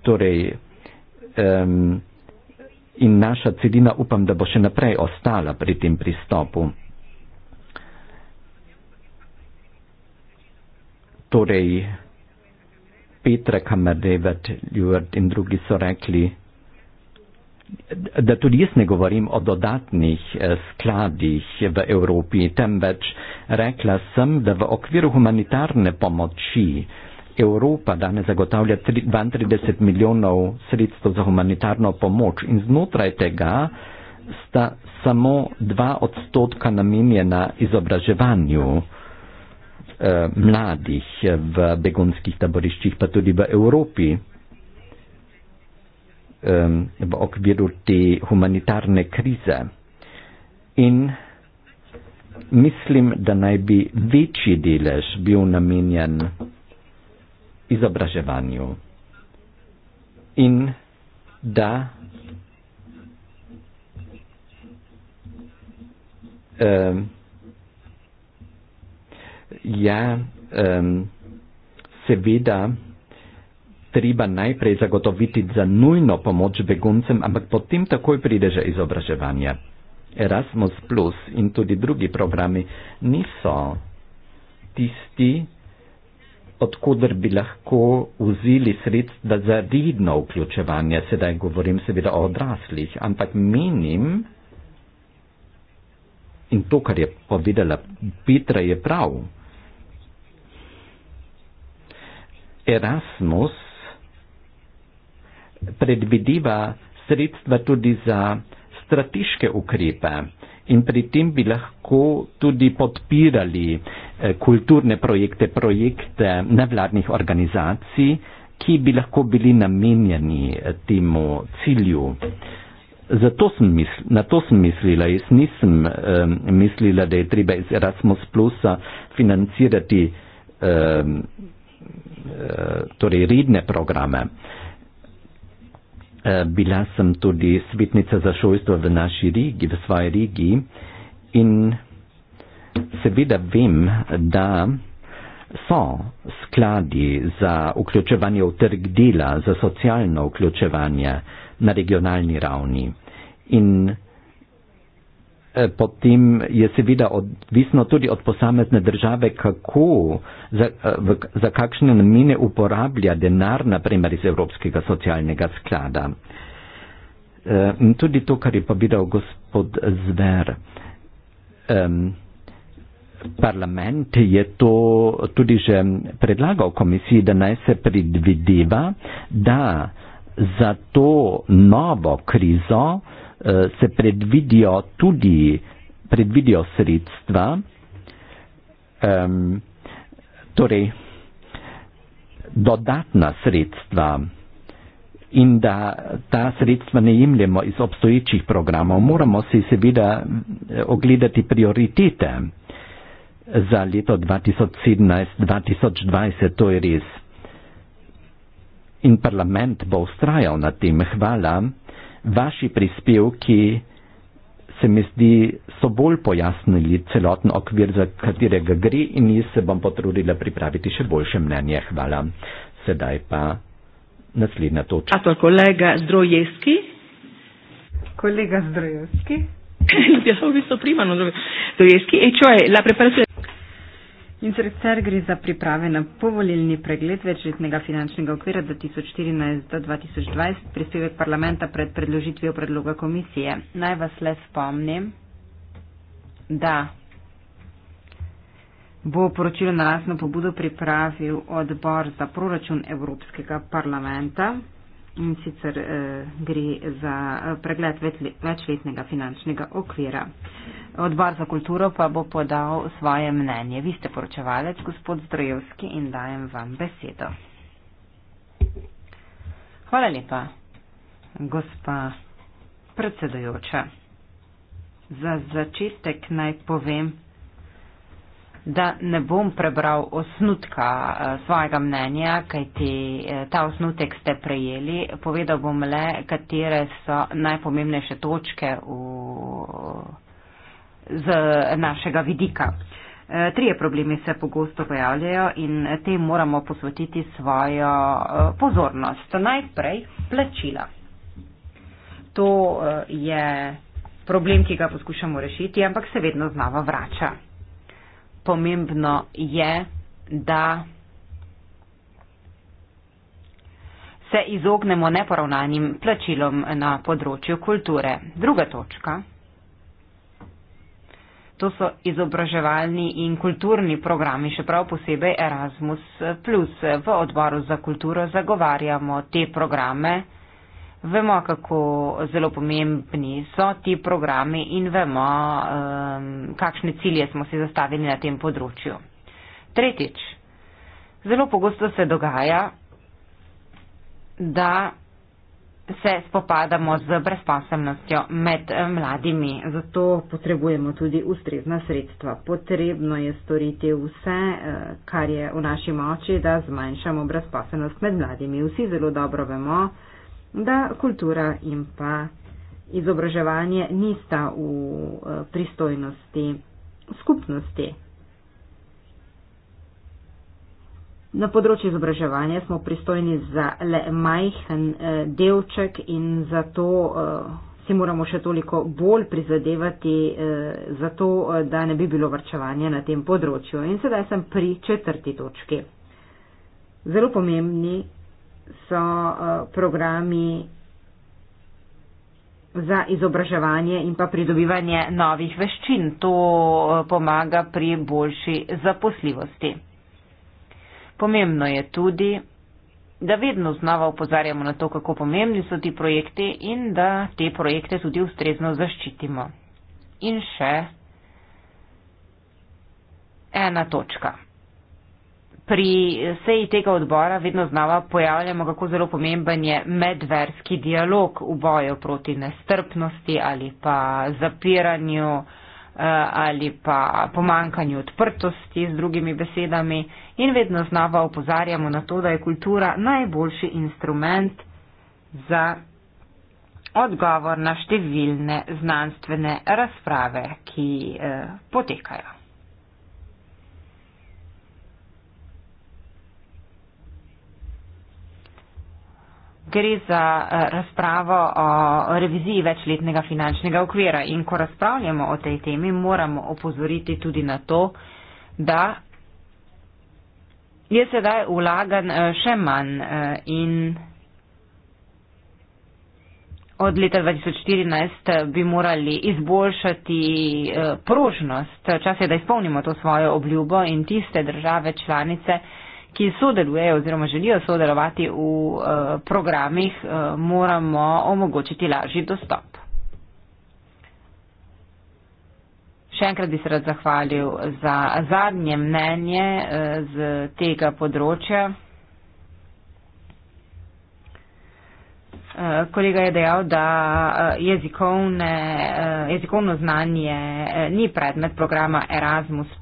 Torej, um, in naša celina upam, da bo še naprej ostala pri tem pristopu. torej Petra Kamadeva, Ljubert in drugi so rekli, da tudi jaz ne govorim o dodatnih eh, skladih v Evropi, temveč rekla sem, da v okviru humanitarne pomoči Evropa danes zagotavlja 32 milijonov sredstev za humanitarno pomoč in znotraj tega sta samo dva odstotka namenjena izobraževanju. Eh, mladih eh, v begunskih taboriščih, pa tudi v Evropi v okviru te humanitarne krize. In mislim, da naj bi večji delež bil namenjen izobraževanju in da eh, je ja, um, seveda treba najprej zagotoviti za nujno pomoč beguncem, ampak potem takoj pride že izobraževanje. Erasmus Plus in tudi drugi programi niso tisti, odkudr bi lahko vzeli sredstva za redno vključevanje, sedaj govorim seveda o odraslih, ampak menim, in to, kar je povedala Petra, je prav. Erasmus predvideva sredstva tudi za strateške ukrepe in pri tem bi lahko tudi podpirali eh, kulturne projekte, projekte nevladnih organizacij, ki bi lahko bili namenjeni eh, temu cilju. Zato sem misl, na to sem mislila, jaz nisem um, mislila, da je treba iz Erasmus Plusa financirati um, uh, torej redne programe. Uh, bila sem tudi svetnica za šolstvo v naši regiji, v svoji regiji in seveda vem, da so skladi za vključevanje v trg dela, za socialno vključevanje na regionalni ravni. In e, potem je seveda odvisno tudi od posamezne države, kako, za, e, v, za kakšne namene uporablja denar, naprimer iz Evropskega socialnega sklada. E, tudi to, kar je povedal gospod Zver, e, parlament je to tudi že predlagal komisiji, da naj se predvideva, da za to novo krizo eh, se predvidijo tudi predvidijo sredstva. Um, torej, dodatna sredstva in da ta sredstva ne jemljemo iz obstoječih programov, moramo si seveda eh, ogledati prioritete za leto 2017-2020, to je res in parlament bo ustrajal na tem. Hvala. Vaši prispevki se mi zdi so bolj pojasnili celoten okvir, za katerega gre in jaz se bom potrudila pripraviti še boljše mnenje. Hvala. Sedaj pa naslednja točka. A to je kolega Zdrojevski? Kolega Zdrojevski? Ja, v bistvu primarno Zdrojevski. E, čo je, la preparacija. In sicer gre za priprave na povolilni pregled večletnega finančnega okvira 2014-2020, prispevek parlamenta pred predložitvijo predloga komisije. Naj vas le spomnim, da bo poročilo na lasno pobudo pripravil odbor za proračun Evropskega parlamenta in sicer eh, gre za eh, pregled večletnega finančnega okvira. Odbor za kulturo pa bo podal svoje mnenje. Vi ste poročevalec, gospod Zdrojevski, in dajem vam besedo. Hvala lepa, gospa predsedojoča. Za začetek naj povem, da ne bom prebral osnutka eh, svojega mnenja, kajti eh, ta osnutek ste prejeli. Povedal bom le, katere so najpomembnejše točke v, z našega vidika. Eh, trije problemi se pogosto pojavljajo in te moramo posvetiti svojo pozornost. Najprej plačila. To je problem, ki ga poskušamo rešiti, ampak se vedno znova vrača pomembno je, da se izognemo neporavnanim plačilom na področju kulture. Druga točka. To so izobraževalni in kulturni programi, še prav posebej Erasmus. V odboru za kulturo zagovarjamo te programe. Vemo, kako zelo pomembni so ti programi in vemo, um, kakšne cilje smo si zastavili na tem področju. Tretjič, zelo pogosto se dogaja, da se spopadamo z brezposobnostjo med eh, mladimi, zato potrebujemo tudi ustrezna sredstva. Potrebno je storiti vse, eh, kar je v naši moči, da zmanjšamo brezposobnost med mladimi. Vsi zelo dobro vemo, da kultura in pa izobraževanje nista v eh, pristojnosti skupnosti. Na področju izobraževanja smo pristojni za le majhen eh, delček in zato eh, si moramo še toliko bolj prizadevati za to, da ne bi bilo vrčevanja na tem področju. In sedaj sem pri četrti točki. Zelo pomembni so eh, programi za izobraževanje in pa pridobivanje novih veščin. To eh, pomaga pri boljši zaposljivosti. Pomembno je tudi, da vedno znova upozarjamo na to, kako pomembni so ti projekti in da te projekte tudi ustrezno zaščitimo. In še ena točka pri seji tega odbora vedno znova pojavljamo, kako zelo pomemben je medverski dialog v boju proti nestrpnosti ali pa zapiranju eh, ali pa pomankanju odprtosti z drugimi besedami in vedno znova opozarjamo na to, da je kultura najboljši instrument za odgovor na številne znanstvene razprave, ki eh, potekajo. gre za eh, razpravo o reviziji večletnega finančnega okvira. In ko razpravljamo o tej temi, moramo opozoriti tudi na to, da je sedaj vlagan eh, še manj eh, in od leta 2014 bi morali izboljšati prožnost. Čas je, da izpolnimo to svojo obljubo in tiste države članice, ki sodelujejo oziroma želijo sodelovati v eh, programih, eh, moramo omogočiti lažji dostop. Še enkrat bi se rad zahvalil za zadnje mnenje eh, z tega področja. Kolega je dejal, da jezikovne, jezikovno znanje ni predmet programa Erasmus.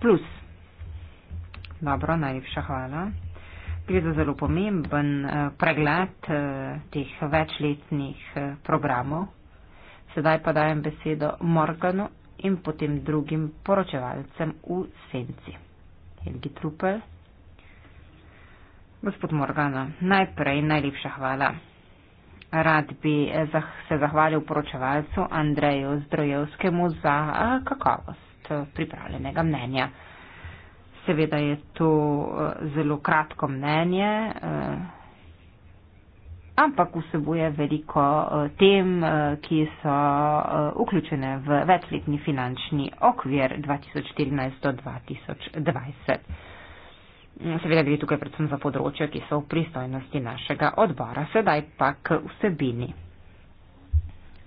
Dobro, najlepša hvala. Gre za zelo pomemben eh, pregled eh, teh večletnih eh, programov. Sedaj pa dajem besedo Morganu in potem drugim poročevalcem v senci. Helgi Trupel. Gospod Morgana, najprej najlepša hvala. Rad bi se zahvalil poročevalcu Andreju Zdrojevskemu za kakovost pripravljenega mnenja. Seveda je to eh, zelo kratko mnenje, eh, ampak vsebuje veliko eh, tem, ki so vključene v večletni finančni okvir 2014-2020. Mm, seveda gre tukaj predvsem za področje, ki so v pristojnosti našega odbora. Sedaj pak vsebini.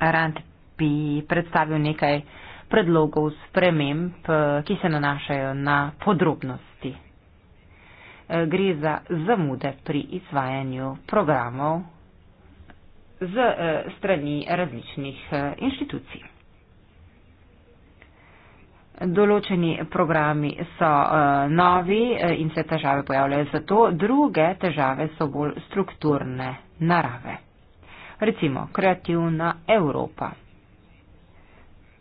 Rand bi predstavil nekaj predlogov sprememb, eh, ki se nanašajo na podrobnosti. Eh, gre za zamude pri izvajanju programov z eh, strani različnih inštitucij. Določeni programi so novi in se težave pojavljajo zato, druge težave so bolj strukturne narave. Recimo, kreativna Evropa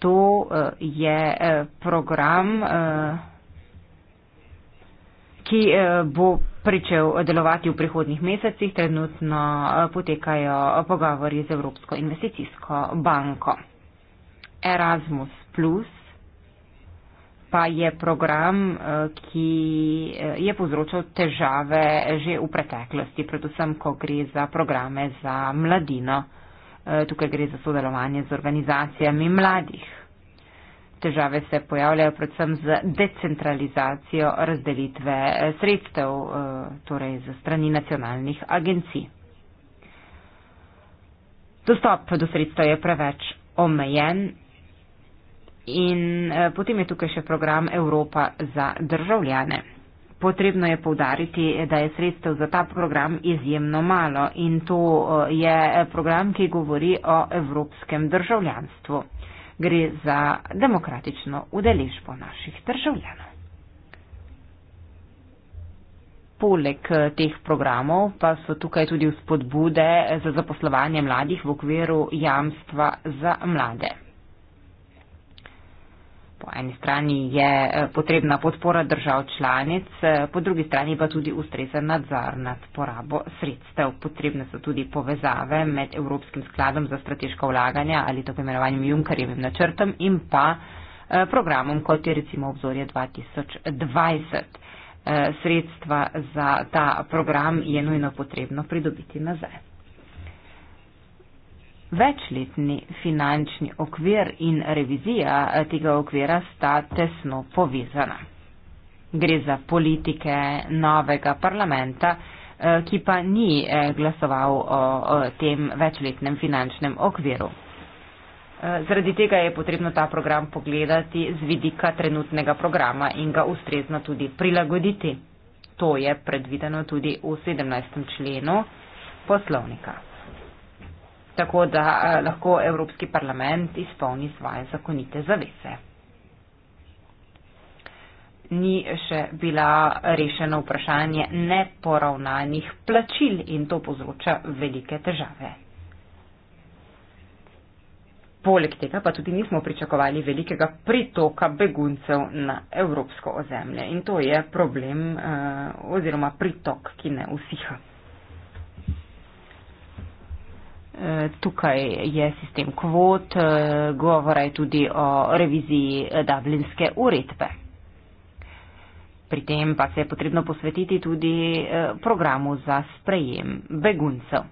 to eh, je eh, program, eh, ki bo pričel delovati v prihodnih mesecih. Trenutno potekajo pogovori z Evropsko investicijsko banko. Erasmus Plus pa je program, ki je povzročal težave že v preteklosti, predvsem, ko gre za programe za mladino. Eh, tukaj gre za sodelovanje z organizacijami mladih. Težave se pojavljajo predvsem z decentralizacijo razdelitve eh, sredstev, eh, torej za strani nacionalnih agencij. Dostop do sredstev je preveč omejen in potem je tukaj še program Evropa za državljane. Potrebno je povdariti, da je sredstev za ta program izjemno malo in to eh, je program, ki govori o evropskem državljanstvu. Gre za demokratično udeležbo naših državljanov. Poleg eh, teh programov pa so tukaj tudi vzpodbude za zaposlovanje mladih v okviru jamstva za mlade po eni strani je eh, potrebna podpora držav članic, eh, po drugi strani pa tudi ustrezen nadzor nad porabo sredstev. Potrebne so tudi povezave med Evropskim skladom za strateško vlaganje ali tako imenovanim Junkerjevim načrtom in pa eh, programom, kot je recimo obzorje 2020. Sredstva za ta program je nujno potrebno pridobiti nazaj. Večletni finančni okvir in revizija eh, tega okvira sta tesno povezana. Gre za politike novega parlamenta, eh, ki pa ni eh, glasoval o tem večletnem finančnem okviru. Zaradi tega je potrebno ta program pogledati z vidika trenutnega programa in ga ustrezno tudi prilagoditi. To je predvideno tudi v 17. členu poslovnika tako da eh, lahko Evropski parlament izpolni svoje zakonite zavese. Ni še bila rešena vprašanje neporavnanih plačil in to povzroča velike težave. Poleg tega pa tudi nismo pričakovali velikega pritoka beguncev na evropsko ozemlje in to je problem eh, oziroma pritok, ki ne usiha. Tukaj je sistem kvot, eh, govora je tudi o reviziji Dublinske uredbe. Pri tem pa se je potrebno posvetiti tudi eh, programu za sprejem beguncev.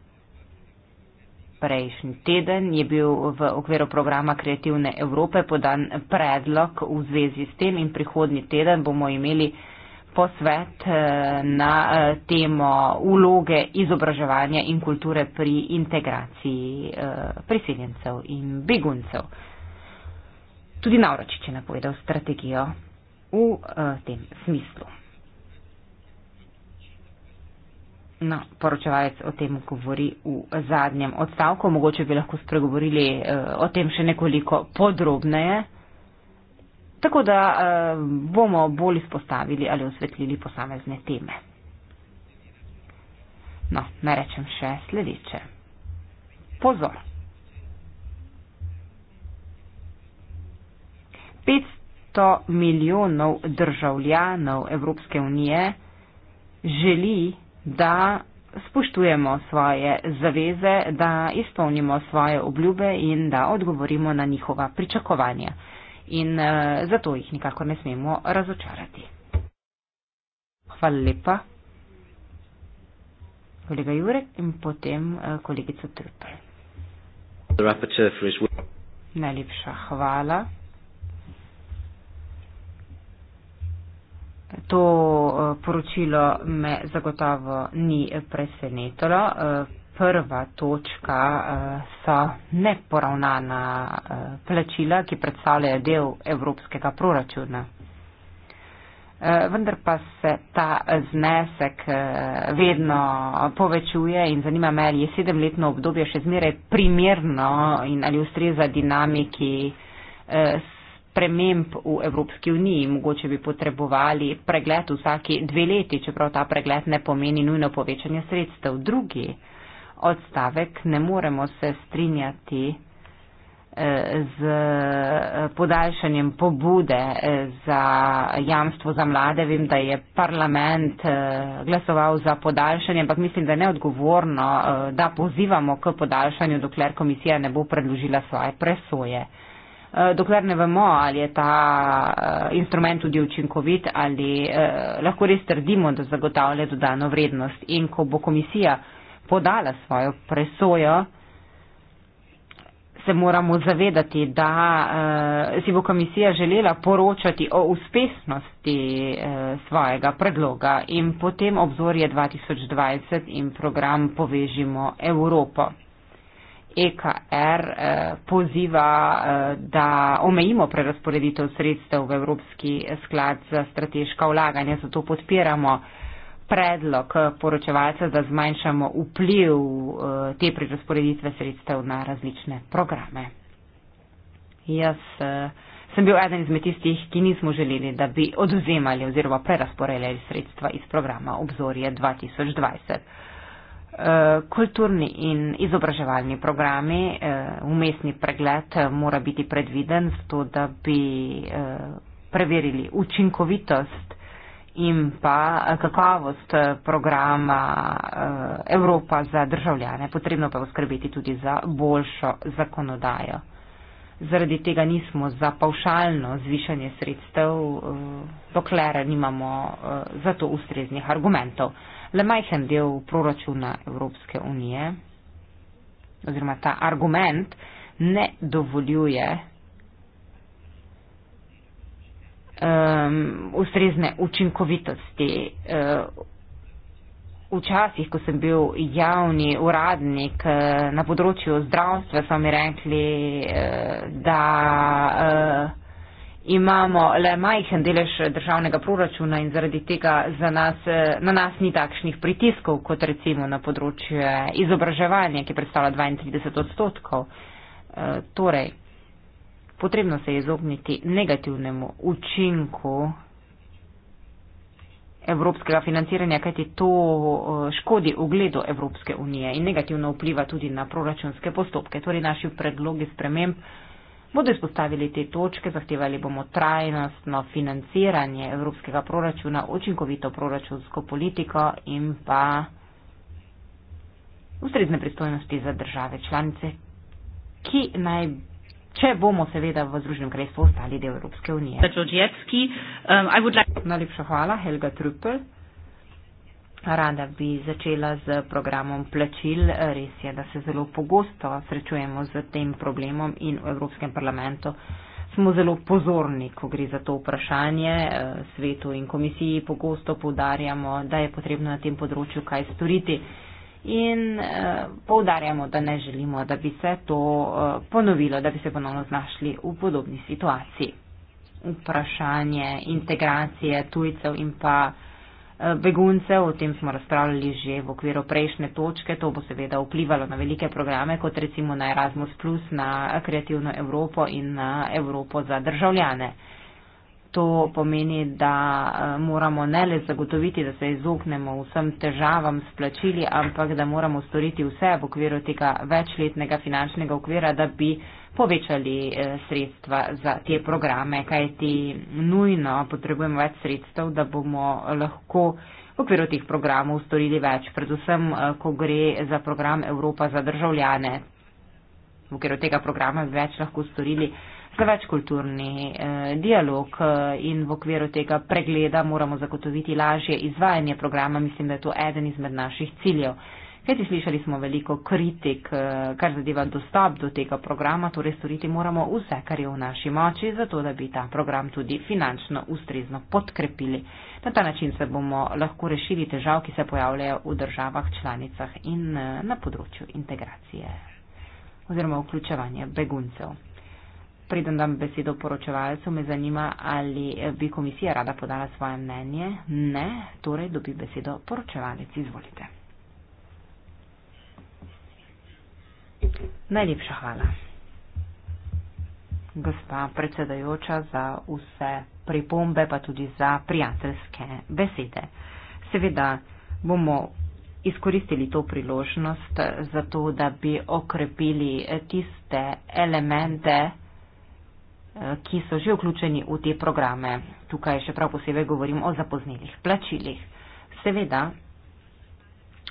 Prejšnji teden je bil v okviru programa Kreativne Evrope podan predlog v zvezi s tem in prihodnji teden bomo imeli posvet eh, na eh, temo uloge izobraževanja in kulture pri integraciji eh, priseljencev in beguncev. Tudi Navročič je napovedal strategijo v tem smislu. No, poročevalec o tem govori v zadnjem odstavku, mogoče bi lahko spregovorili o tem še nekoliko podrobneje tako da eh, bomo bolj izpostavili ali osvetlili posamezne teme. No, narečem še sledeče. Pozor. 500 milijonov državljanov Evropske unije želi, da spoštujemo svoje zaveze, da izpolnimo svoje obljube in da odgovorimo na njihova pričakovanja in uh, zato jih nikako ne smemo razočarati. Hvala lepa, kolega Jurek in potem uh, kolegica Trpel. Najlepša hvala. To uh, poročilo me zagotovo ni presenetilo. Uh, prva točka eh, so neporavnana eh, plačila, ki predstavljajo del evropskega proračuna. Eh, vendar pa se ta znesek vedno povečuje in zanima me, ali je sedemletno obdobje še zmeraj primerno in ali ustreza dinamiki sprememb v Evropski uniji. Mogoče bi potrebovali pregled vsaki dve leti, čeprav ta pregled ne pomeni nujno povečanje sredstev. Drugi odstavek. Ne moremo se strinjati eh, z eh, podaljšanjem pobude eh, za jamstvo za mlade. Vem, da je parlament glasoval za podaljšanje, ampak mislim, da je neodgovorno, da pozivamo k podaljšanju, dokler komisija ne bo predložila svoje presoje. Dokler ne vemo, ali je ta instrument tudi učinkovit, ali lahko res trdimo, da zagotavlja dodano vrednost. In ko bo komisija podala svojo presojo, se moramo zavedati, da eh, si bo komisija želela poročati o uspešnosti eh, svojega predloga in potem obzorje 2020 in program Povežimo Evropo. EKR eh, poziva, da omejimo prerasporeditev sredstev v Evropski sklad za strateška vlaganja, zato podpiramo predlog eh, poročevalca, da zmanjšamo vpliv eh, te prerasporeditve sredstev na različne programe. Jaz eh, sem bil eden izmed tistih, ki nismo želeli, da bi oduzemali oziroma prerasporedili sredstva iz programa Obzorje 2020. Kulturni in izobraževalni programi, umestni pregled mora biti predviden, zato da bi preverili učinkovitost in pa eh, kakovost eh, programa eh, Evropa za državljane. Potrebno pa je poskrbeti tudi za boljšo zakonodajo. Zaradi tega nismo za pavšalno zvišanje sredstev, dokler nimamo za to ustreznih argumentov. Le majhen del proračuna Evropske unije oziroma ta argument ne dovoljuje um, ustrezne učinkovitosti. Uh, včasih, ko sem bil javni uradnik uh, na področju zdravstva, so mi rekli, uh, da uh, imamo le majhen delež državnega proračuna in zaradi tega nas, uh, na nas ni takšnih pritiskov, kot recimo na področju izobraževanja, ki predstavlja 32 odstotkov. Uh, torej, potrebno se je izogniti negativnemu učinku evropskega financiranja, kajti to eh, škodi ugledu Evropske unije in negativno vpliva tudi na proračunske postopke. Torej, naši predlogi sprememb bodo izpostavili te točke, zahtevali bomo trajnostno financiranje evropskega proračuna, učinkovito proračunsko politiko in pa ustrezne pristojnosti za države članice, ki naj bi če bomo seveda v Združenem kraljestvu ostali del Evropske unije. Um, Najlepša hvala, Helga Truppel. Rada bi začela z programom plačil. Res je, da se zelo pogosto srečujemo z tem problemom in v Evropskem parlamentu smo zelo pozorni, ko gre za to vprašanje. Eh, svetu in komisiji pogosto povdarjamo, da je potrebno na tem področju kaj storiti in eh, povdarjamo, da ne želimo, da bi se to eh, ponovilo, da bi se ponovno znašli v podobni situaciji. Vprašanje integracije tujcev in pa eh, beguncev, o tem smo razpravljali že v okviru prejšnje točke, to bo seveda vplivalo na velike programe, kot recimo na Erasmus, na Kreativno Evropo in na Evropo za državljane to pomeni, da eh, moramo ne le zagotoviti, da se izognemo vsem težavam s plačili, ampak da moramo storiti vse v okviru tega večletnega finančnega okvira, da bi povečali eh, sredstva za te programe, kajti nujno potrebujemo več sredstev, da bomo lahko v okviru teh programov storili več, predvsem, eh, ko gre za program Evropa za državljane. V okviru tega programa bi več lahko storili za večkulturni eh, dialog eh, in v okviru tega pregleda moramo zagotoviti lažje izvajanje programa. Mislim, da je to eden izmed naših ciljev. Kajti slišali smo veliko kritik, eh, kar zadeva dostop do tega programa, torej storiti moramo vse, kar je v naši moči, zato da bi ta program tudi finančno ustrezno podkrepili. Na ta način se bomo lahko rešili težav, ki se pojavljajo v državah, članicah in eh, na področju integracije oziroma vključevanja beguncev. Preden dam besedo poročevalcu, me zanima, ali bi komisija rada podala svoje mnenje. Ne, torej dobi besedo poročevalec. Izvolite. Najlepša hvala. Gospa predsedajoča, za vse pripombe, pa tudi za prijateljske besede. Seveda bomo izkoristili to priložnost, zato da bi okrepili tiste elemente, ki so že vključeni v te programe. Tukaj še prav posebej govorim o zapoznelih plačilih. Seveda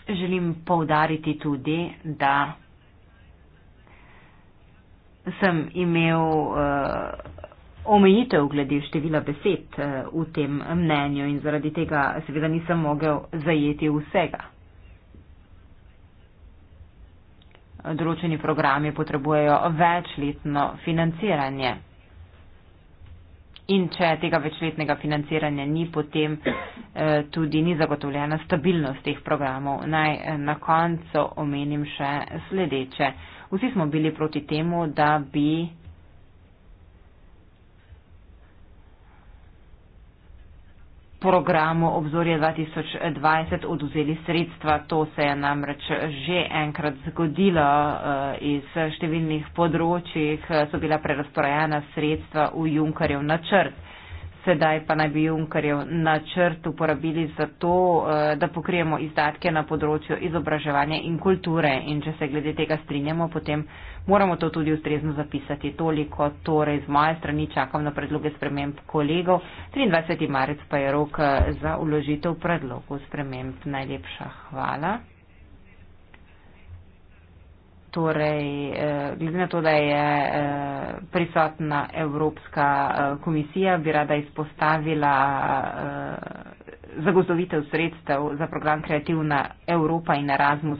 želim povdariti tudi, da sem imel uh, omejitev glede števila besed uh, v tem mnenju in zaradi tega seveda nisem mogel zajeti vsega. Določeni programi potrebujejo večletno financiranje in če tega večletnega financiranja ni, potem eh, tudi ni zagotovljena stabilnost teh programov. Naj eh, na koncu omenim še sledeče. Vsi smo bili proti temu, da bi programu obzorje 2020 oduzeli sredstva. To se je namreč že enkrat zgodilo eh, iz številnih področjih, eh, so bila prerasporajena sredstva v Junkarjev načrt sedaj pa naj bi Junkarjev načrt uporabili za to, eh, da pokrijemo izdatke na področju izobraževanja in kulture. In če se glede tega strinjamo, potem moramo to tudi ustrezno zapisati. Toliko torej z moje strani čakam na predloge sprememb kolegov. 23. marec pa je rok eh, za uložitev predlogov sprememb. Najlepša hvala torej, eh, glede na to, da je eh, prisotna Evropska eh, komisija, bi rada izpostavila zagotovitev sredstev za program Kreativna Evropa in Erasmus.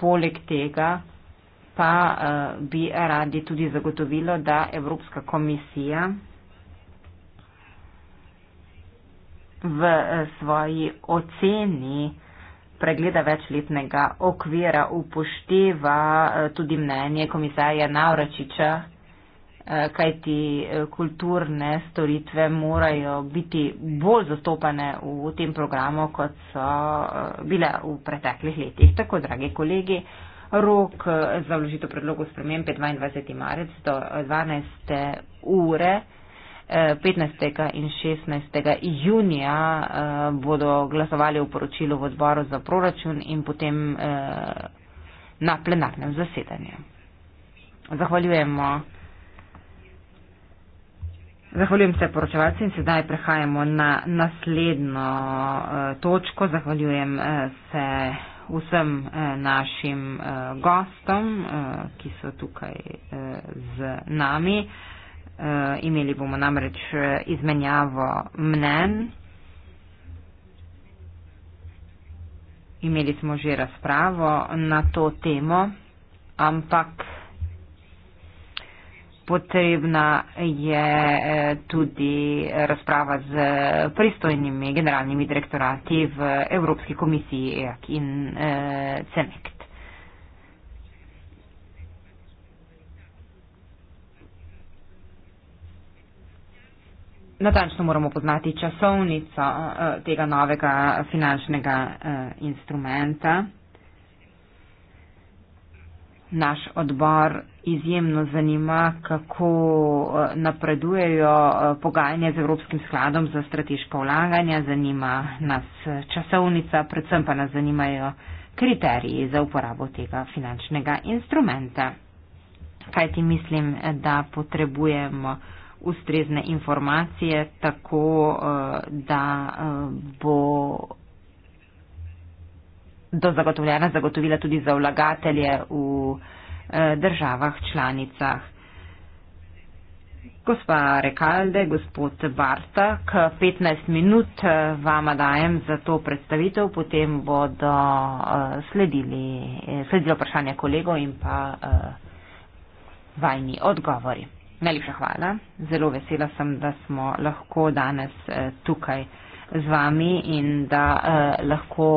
Poleg tega pa bi radi tudi zagotovilo, da Evropska komisija v svoji oceni pregleda večletnega okvira upošteva eh, tudi mnenje komisarja Navračiča, eh, kajti eh, kulturne storitve morajo biti bolj zastopane v tem programu, kot so bile v preteklih letih. Tako, dragi kolegi, rok za vložitev predlogov spremembe 22. marec do 12. ure. 15. in 16. junija eh, bodo glasovali v poročilu v odboru za proračun in potem eh, na plenarnem zasedanju. Zahvaljujemo. Zahvaljujem se poročevalci in sedaj prehajamo na naslednjo eh, točko. Zahvaljujem se vsem našim gostom, ki so tukaj z nami. Eh, imeli bomo namreč eh, izmenjavo mnen. Imeli smo že razpravo na to temo, ampak potrebna je eh, tudi razprava z pristojnimi generalnimi direktorati v Evropski komisiji EAC in CEMEC. natančno moramo poznati časovnico eh, tega novega finančnega eh, instrumenta. Naš odbor izjemno zanima, kako eh, napredujejo pogajanja z Evropskim skladom za strateško vlaganje, zanima nas časovnica, predvsem pa nas zanimajo kriteriji za uporabo tega finančnega instrumenta. Kaj ti mislim, da potrebujemo? ustrezne informacije, tako eh, da eh, bo do zagotovljena zagotovila tudi za vlagatelje v eh, državah članicah. Gospa Rekalde, gospod Bartak, 15 minut vam dajem za to predstavitev, potem bodo sledili, sledilo vprašanje kolegov in pa vajni odgovori. Najlepša hvala. Zelo vesela sem, da smo lahko danes eh, tukaj z vami in da eh, lahko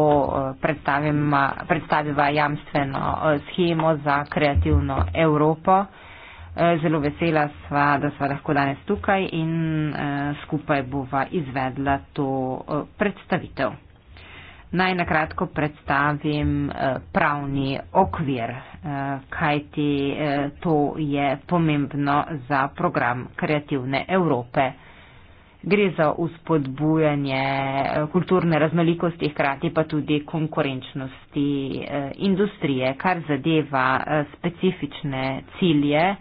eh, predstaviva jamstveno schemo za kreativno Evropo. Zelo vesela sva, da sva lahko danes tukaj in skupaj bova izvedla to predstavitev. Naj nakratko predstavim eh, pravni okvir, eh, kajti eh, to je pomembno za program Kreativne Evrope. Gre za uspodbujanje kulturne raznolikosti, hkrati pa tudi konkurenčnosti industrije, kar zadeva specifične cilje,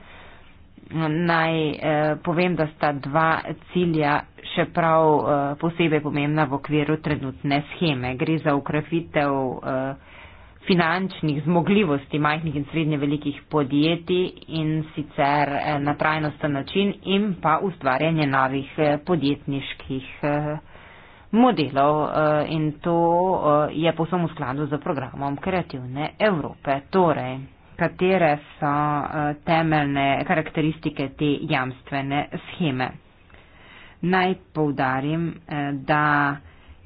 naj eh, povem, da sta dva cilja še prav eh, posebej pomembna v okviru trenutne scheme. Gre za ukrepitev eh, finančnih zmogljivosti majhnih in srednje velikih podjetij in sicer na trajnosten način in pa ustvarjanje novih podjetniških modelov in to je posebno v skladu z programom Kreativne Evrope. Torej, katere so eh, temeljne karakteristike te jamstvene scheme. Naj poudarim, eh, da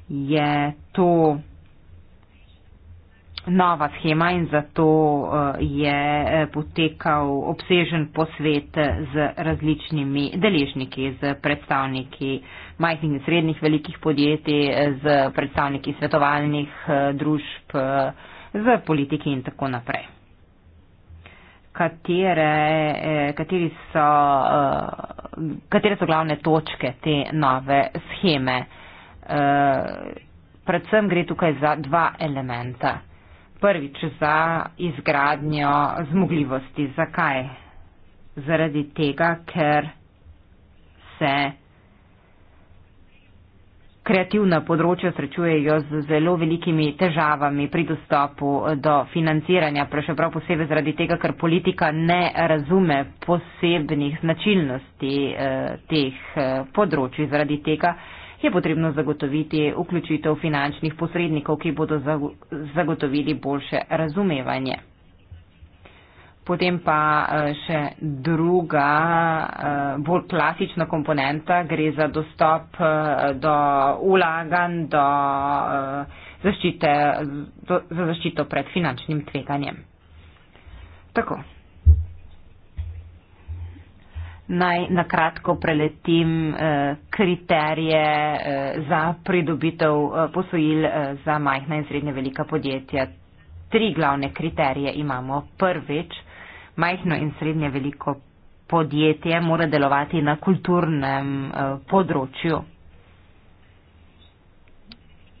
je to nova schema in zato eh, je potekal obsežen posvet z različnimi deležniki, z predstavniki majhnih in srednjih velikih podjetij, z predstavniki svetovalnih družb, z politiki in tako naprej katere, eh, kateri so, eh, katere so glavne točke te nove scheme. Eh, predvsem gre tukaj za dva elementa. Prvič za izgradnjo zmogljivosti. Zakaj? Zaradi tega, ker se kreativna področja srečujejo z zelo velikimi težavami pri dostopu do financiranja, prav posebej zaradi tega, ker politika ne razume posebnih značilnosti eh, teh eh, področji. Zaradi tega je potrebno zagotoviti vključitev finančnih posrednikov, ki bodo zagotovili boljše razumevanje. Potem pa eh, še druga, eh, bolj klasična komponenta, gre za dostop eh, do ulagan, do zaščite, do, za zaščito pred finančnim tveganjem. Tako. Naj nakratko preletim kriterije za pridobitev posojil za majhna in srednje velika podjetja. Tri glavne kriterije imamo. Prvič, majhno in srednje veliko podjetje mora delovati na kulturnem eh, področju.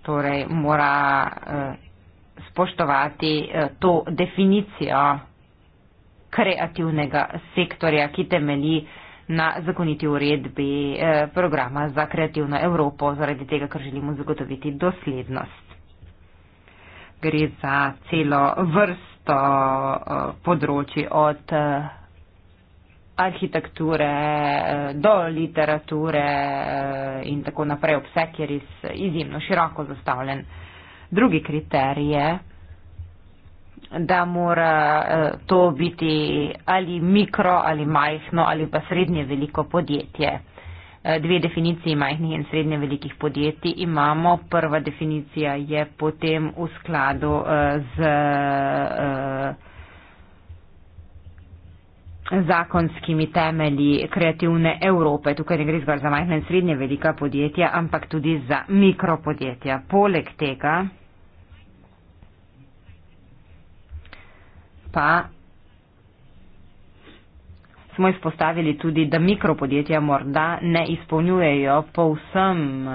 Torej mora eh, spoštovati eh, to definicijo kreativnega sektorja, ki temelji na zakoniti uredbi programa za kreativno Evropo, zaradi tega, ker želimo zagotoviti doslednost. Gre za celo vrst vrsto eh, področji od eh, arhitekture eh, do literature in tako naprej. Obsek je res izjemno široko zastavljen. Drugi kriterij je, da mora to biti ali mikro ali majhno ali pa srednje veliko podjetje. Eh, dve definiciji majhnih in srednje velikih podjetij imamo. Prva definicija je potem v skladu eh, z eh, zakonskimi temelji kreativne Evrope. Tukaj ne gre zgolj za majhne in srednje velika podjetja, ampak tudi za mikropodjetja. Poleg tega pa smo izpostavili tudi, da mikropodjetja morda ne izpolnjujejo povsem uh,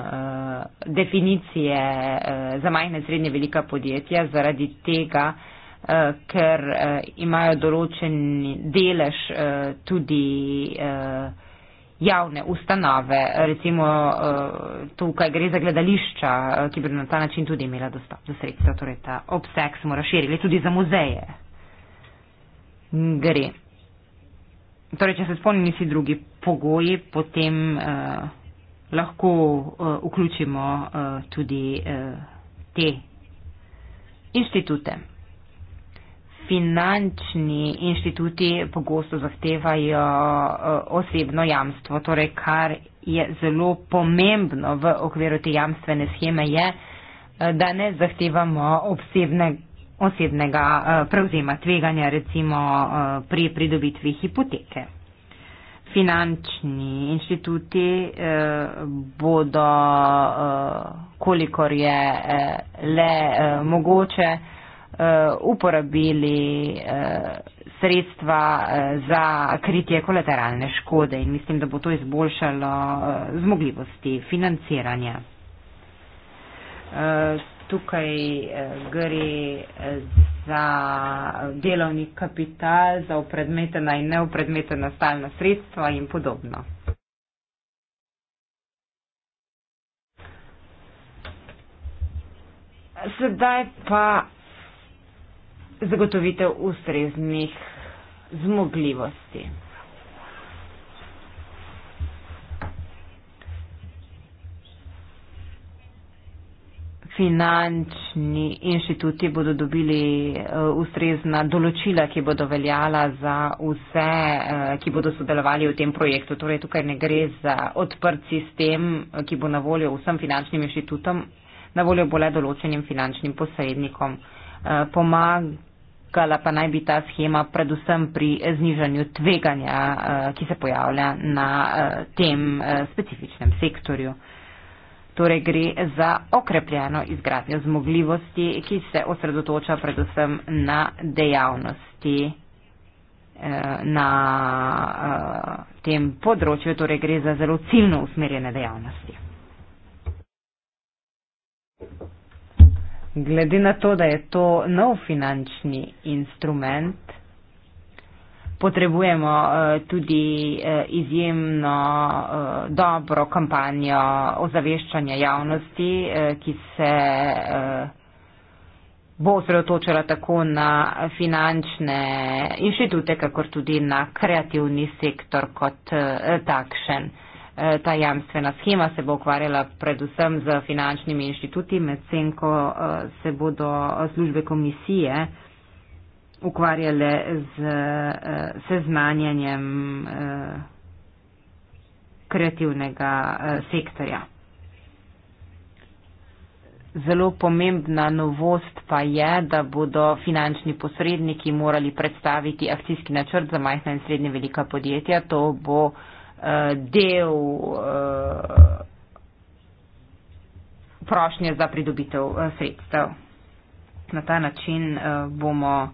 definicije uh, za majhne in srednje velika podjetja zaradi tega, uh, ker uh, imajo določen delež uh, tudi uh, javne ustanove, recimo uh, tukaj gre za gledališča, uh, ki bi na ta način tudi imela dostop do sredstva, torej ta obseg smo razširili tudi za muzeje. Gre. Torej, če se spomnimo, vsi drugi pogoji, potem uh, lahko uh, vključimo uh, tudi uh, te inštitute. Finančni inštituti pogosto zahtevajo uh, osebno jamstvo. Torej, kar je zelo pomembno v okviru te jamstvene scheme, je, uh, da ne zahtevamo obsebnega osebnega eh, prevzema tveganja, recimo eh, pri pridobitvi hipoteke. Finančni inštituti eh, bodo, kolikor je le mogoče, uporabili sredstva za kritje kolateralne škode in mislim, da bo to izboljšalo zmogljivosti financiranja tukaj eh, gre eh, za delovni kapital, za upredmetena in neupredmetena stalna sredstva in podobno. Sedaj pa zagotovitev ustreznih zmogljivosti. finančni inštituti bodo dobili uh, ustrezna določila, ki bodo veljala za vse, uh, ki bodo sodelovali v tem projektu. Torej, tukaj ne gre za odprt sistem, eh, ki bo na voljo vsem finančnim inštitutom, na voljo bo le določenim finančnim posrednikom. Uh, pomagala pa naj bi ta schema predvsem pri znižanju tveganja, uh, ki se pojavlja na uh, tem uh, specifičnem sektorju. Uh, Torej gre za okrepljeno izgradnjo zmogljivosti, ki se osredotoča predvsem na dejavnosti eh, na eh, tem področju, torej gre za zelo ciljno usmerjene dejavnosti. Glede na to, da je to nov finančni instrument, potrebujemo uh, tudi uh, izjemno uh, dobro kampanjo ozaveščanja javnosti, uh, ki se uh, bo osredotočila tako na finančne inštitute, kakor tudi na kreativni sektor kot uh, takšen. Ta jamstvena schema se bo ukvarjala predvsem z finančnimi inštituti, medtem ko se bodo službe komisije uh, ukvarjale z uh, eh, seznanjanjem uh, eh, kreativnega uh, sektorja. Zelo pomembna novost pa je, da bodo finančni posredniki morali predstaviti akcijski načrt za majhna in srednje velika podjetja. To bo uh, del uh, prošnje za pridobitev uh, sredstev. Na ta način uh, bomo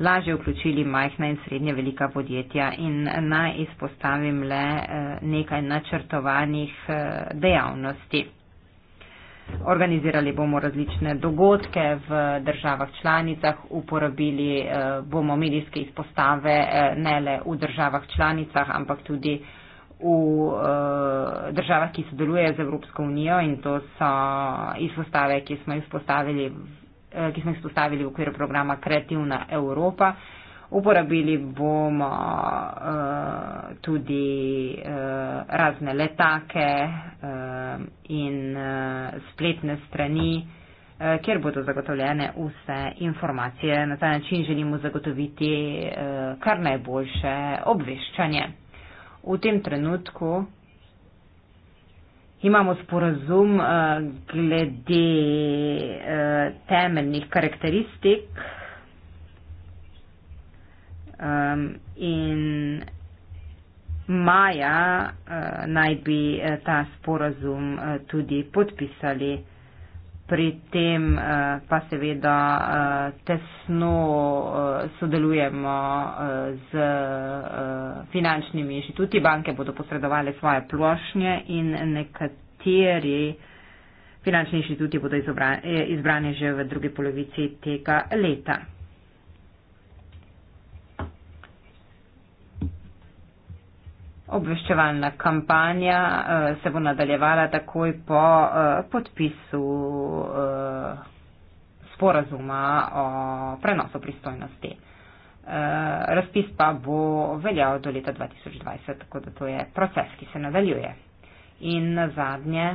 lažje vključili majhna in srednje velika podjetja. In naj izpostavim le eh, nekaj načrtovanih eh, dejavnosti. Organizirali bomo različne dogodke v državah članicah, uporabili eh, bomo medijske izpostave ne le v državah članicah, ampak tudi v državah, ki sodelujejo z Evropsko unijo in to so izpostave, ki smo izpostavili v Eh, ki smo izpostavili v okviru programa Kreativna Evropa. Uporabili bomo uh, tudi uh, razne letake uh, in uh, spletne strani, uh, kjer bodo zagotovljene vse informacije. Na ta način želimo zagotoviti uh, kar najboljše obveščanje. V tem trenutku imamo sporazum uh, glede uh, temeljnih karakteristik um, in maja uh, naj bi uh, ta sporazum uh, tudi podpisali pri tem eh, pa seveda eh, tesno eh, sodelujemo z finančnimi inštituti. Banke bodo posredovali svoje plošnje in nekateri finančni inštituti bodo izbrani že v drugi polovici tega leta. obveščevalna kampanja uh, se bo nadaljevala takoj po uh, podpisu uh, sporazuma o prenosu pristojnosti. Uh, razpis pa bo veljal do leta 2020, tako da to je proces, ki se nadaljuje. In na zadnje,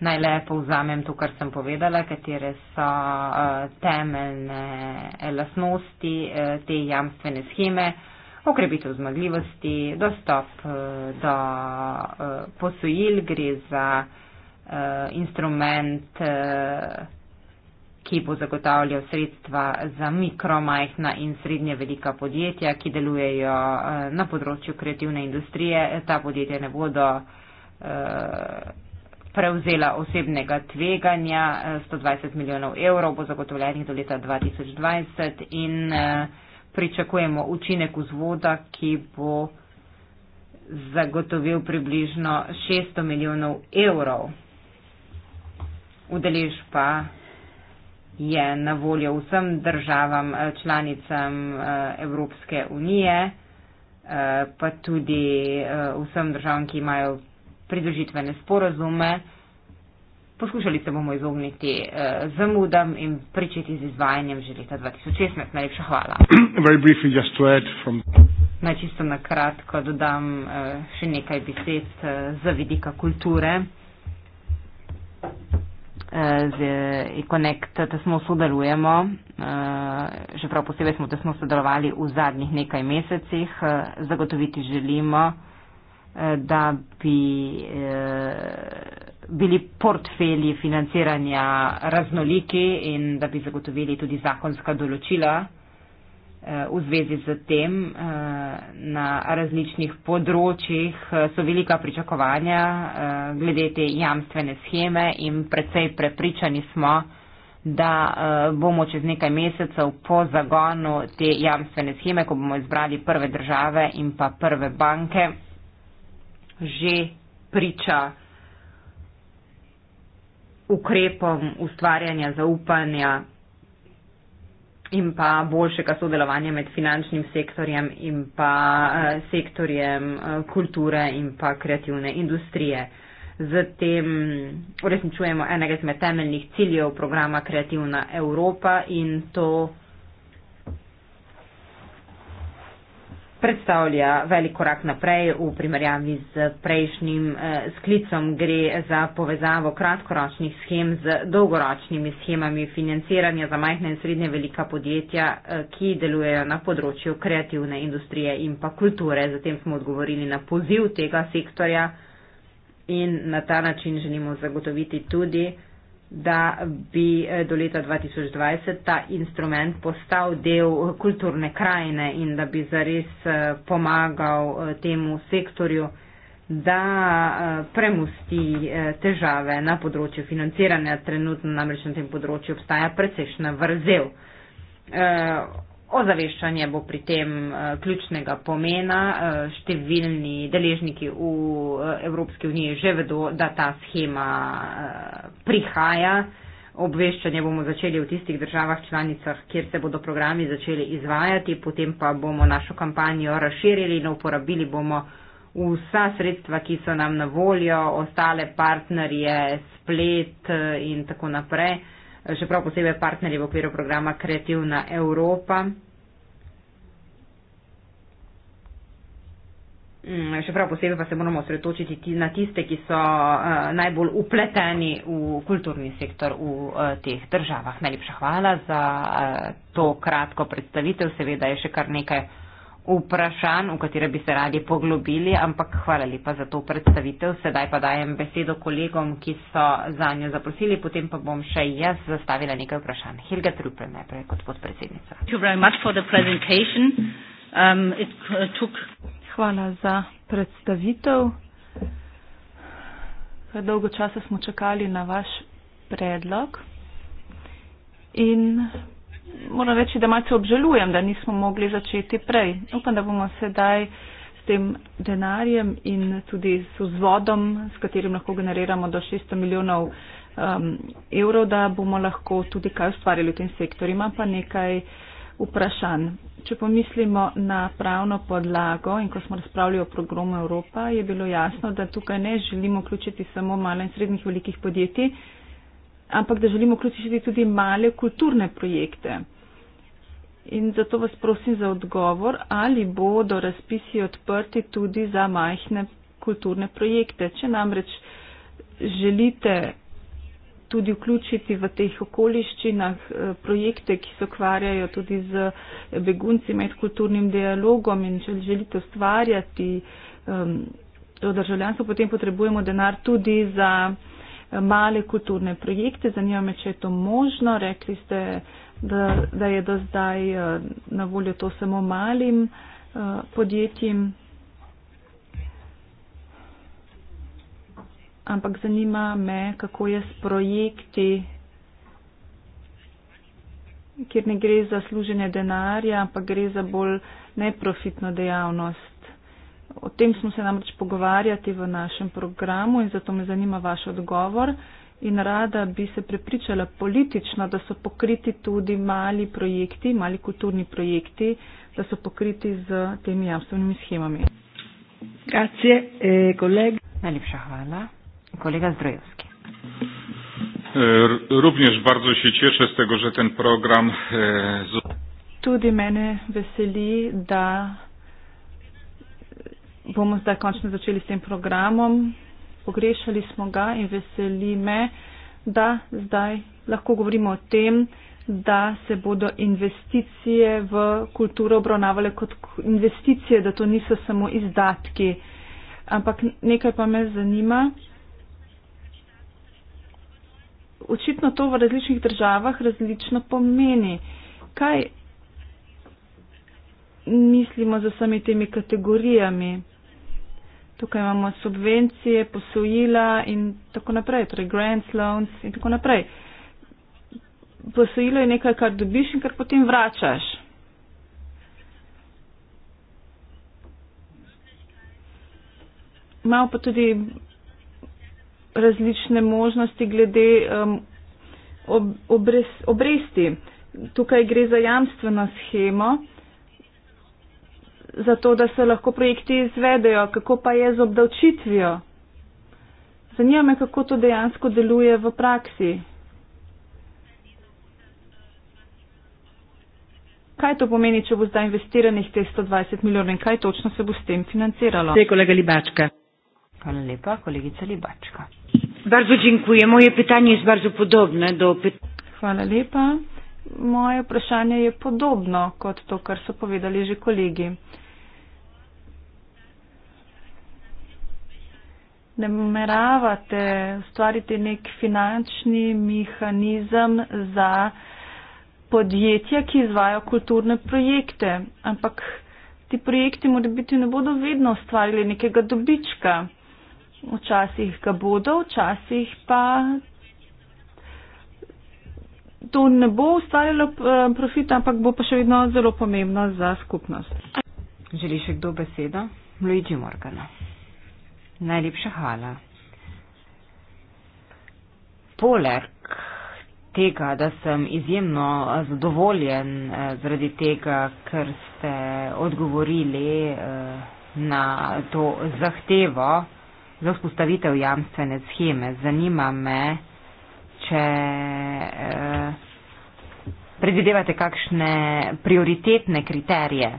naj le povzamem to, kar sem povedala, katere so uh, temeljne lasnosti uh, te jamstvene scheme. Uh, okrepitev zmagljivosti, dostop eh, do eh, posojil, gre za eh, instrument, ki bo zagotavljal sredstva za mikro, majhna in srednje velika podjetja, ki delujejo na področju kreativne industrije. Ta podjetja ne bodo prevzela osebnega tveganja. 120 milijonov evrov bo zagotovljenih do leta 2020 in pričakujemo učinek vzvoda, ki bo zagotovil približno 600 milijonov evrov. Udelež pa je na voljo vsem državam, eh, članicam eh, Evropske unije, eh, pa tudi vsem državam, ki imajo pridružitvene sporozume. Poskušali se bomo izogniti eh, zamudam in pričeti z izvajanjem že leta 2016. Najlepša hvala. From... Najčisto na kratko dodam eh, še nekaj besed eh, za vidika kulture. Eh, z Econnect tesno sodelujemo, eh, še prav posebej smo tesno sodelovali v zadnjih nekaj mesecih. Eh, zagotoviti želimo, da bi bili portfelji financiranja raznoliki in da bi zagotovili tudi zakonska določila eh, v zvezi z tem eh, na različnih področjih. Eh, so velika pričakovanja glede te jamstvene scheme in precej prepričani smo, da bomo čez nekaj mesecev po zagonu te jamstvene scheme, ko bomo izbrali prve države in pa prve banke, že priča ukrepom ustvarjanja zaupanja in pa boljšega sodelovanja med finančnim sektorjem in pa eh, sektorjem eh, kulture in pa kreativne industrije. Z tem uresničujemo enega izmed temeljnih ciljev programa Kreativna Evropa in to predstavlja velik korak naprej v primerjavi z prejšnjim eh, sklicom. Gre za povezavo kratkoročnih schem z dolgoročnimi schemami financiranja za majhne in srednje velika podjetja, eh, ki delujejo na področju kreativne industrije in pa kulture. Zatem smo odgovorili na poziv tega sektorja in na ta način želimo zagotoviti tudi, da bi eh, do leta 2020 ta instrument postal del kulturne krajine in da bi zares eh, pomagal eh, temu sektorju, da premusti težave na področju financiranja. Trenutno namreč na tem področju obstaja precejšna vrzel. Ozaveščanje bo pri tem eh, ključnega pomena. Eh, številni deležniki v eh, Evropski uniji že vedo, da ta schema prihaja. Obveščanje bomo začeli v tistih državah članicah, kjer se bodo programi začeli izvajati, potem pa bomo našo kampanjo razširili in uporabili bomo vsa sredstva, ki so nam na voljo, ostale partnerje, splet in tako naprej še prav posebej partnerji v okviru programa Kreativna Evropa. Mm, še prav posebej pa se moramo osredotočiti na tiste, ki so eh, najbolj upleteni v kulturni sektor v eh, teh državah. Najlepša hvala za eh, to kratko predstavitev. Seveda je še kar nekaj vprašanj, v katere bi se radi poglobili, ampak hvala lepa za to predstavitev. Sedaj pa dajem besedo kolegom, ki so za njo zaprosili, potem pa bom še jaz zastavila nekaj vprašanj. Helga Trupel najprej kot podpredsednica. Um, uh, hvala za predstavitev. Dolgo časa smo čakali na vaš predlog. In moram reči, da malce obžalujem, da nismo mogli začeti prej. Upam, da bomo sedaj s tem denarjem in tudi s vzvodom, s katerim lahko generiramo do 600 milijonov um, evrov, da bomo lahko tudi kaj ustvarili v tem sektorju. Imam pa nekaj vprašanj. Če pomislimo na pravno podlago in ko smo razpravljali o programu Evropa, je bilo jasno, da tukaj ne želimo vključiti samo malo in srednjih velikih podjetij, ampak da želimo vključiti tudi male kulturne projekte. In zato vas prosim za odgovor, ali bodo razpisi odprti tudi za majhne kulturne projekte. Če namreč želite tudi vključiti v teh okoliščinah eh, projekte, ki se ukvarjajo tudi z begunci med kulturnim dialogom in če želite ustvarjati um, to državljanstvo, potem potrebujemo denar tudi za male kulturne projekte. Zanima me, če je to možno. Rekli ste, da, da je do zdaj eh, na voljo to samo malim eh, podjetjem. Ampak zanima me, kako je s projekti, kjer ne gre za služenje denarja, ampak gre za bolj neprofitno dejavnost. O tem smo se namreč pogovarjati v našem programu in zato me zanima vaš odgovor. In rada bi se prepričala politično, da so pokriti tudi mali projekti, mali kulturni projekti, da so pokriti z temi jamstvenimi schemami. Grazie, eh, koleg. Najlepša hvala. Kolega Zdrojevski. E, również bardzo się cieszę z tego, że ten program. E, tudi mene veseli, da bomo zdaj končno začeli s tem programom. Pogrešali smo ga in veseli me, da zdaj lahko govorimo o tem, da se bodo investicije v kulturo obravnavale kot investicije, da to niso samo izdatki. Ampak nekaj pa me zanima. Očitno to v različnih državah različno pomeni. Kaj mislimo za sami temi kategorijami? Tukaj imamo subvencije, posojila in tako naprej, torej grants, loans in tako naprej. Posojilo je nekaj, kar dobiš in kar potem vračaš. Imamo pa tudi različne možnosti glede um, ob, obres, obresti. Tukaj gre za jamstveno schemo za to, da se lahko projekti izvedejo, kako pa je z obdavčitvijo. Zanima me, kako to dejansko deluje v praksi. Kaj to pomeni, če bo zdaj investiranih te 120 milijonov in kaj točno se bo s tem financiralo? Te kolega Libačka. Hvala lepa, kolegica Libačka. Bardzo dziękuję. Moje pytanie jest bardzo podobne do Hvala lepa. Moje vprašanje je podobno kot to, kar so povedali že kolegi. nameravate ustvariti nek finančni mehanizem za podjetja, ki izvajo kulturne projekte, ampak ti projekti morda biti ne bodo vedno ustvarili nekega dobička. Včasih ga bodo, včasih pa to ne bo ustvarjalo eh, profita, ampak bo pa še vedno zelo pomembno za skupnost. Želi še kdo besedo? Luigi Morgana. Najlepša hvala. Poleg tega, da sem izjemno zadovoljen eh, zaradi tega, ker ste odgovorili eh, na to zahtevo za vzpostavitev jamstvene scheme, zanima me, če eh, predvidevate kakšne prioritetne kriterije.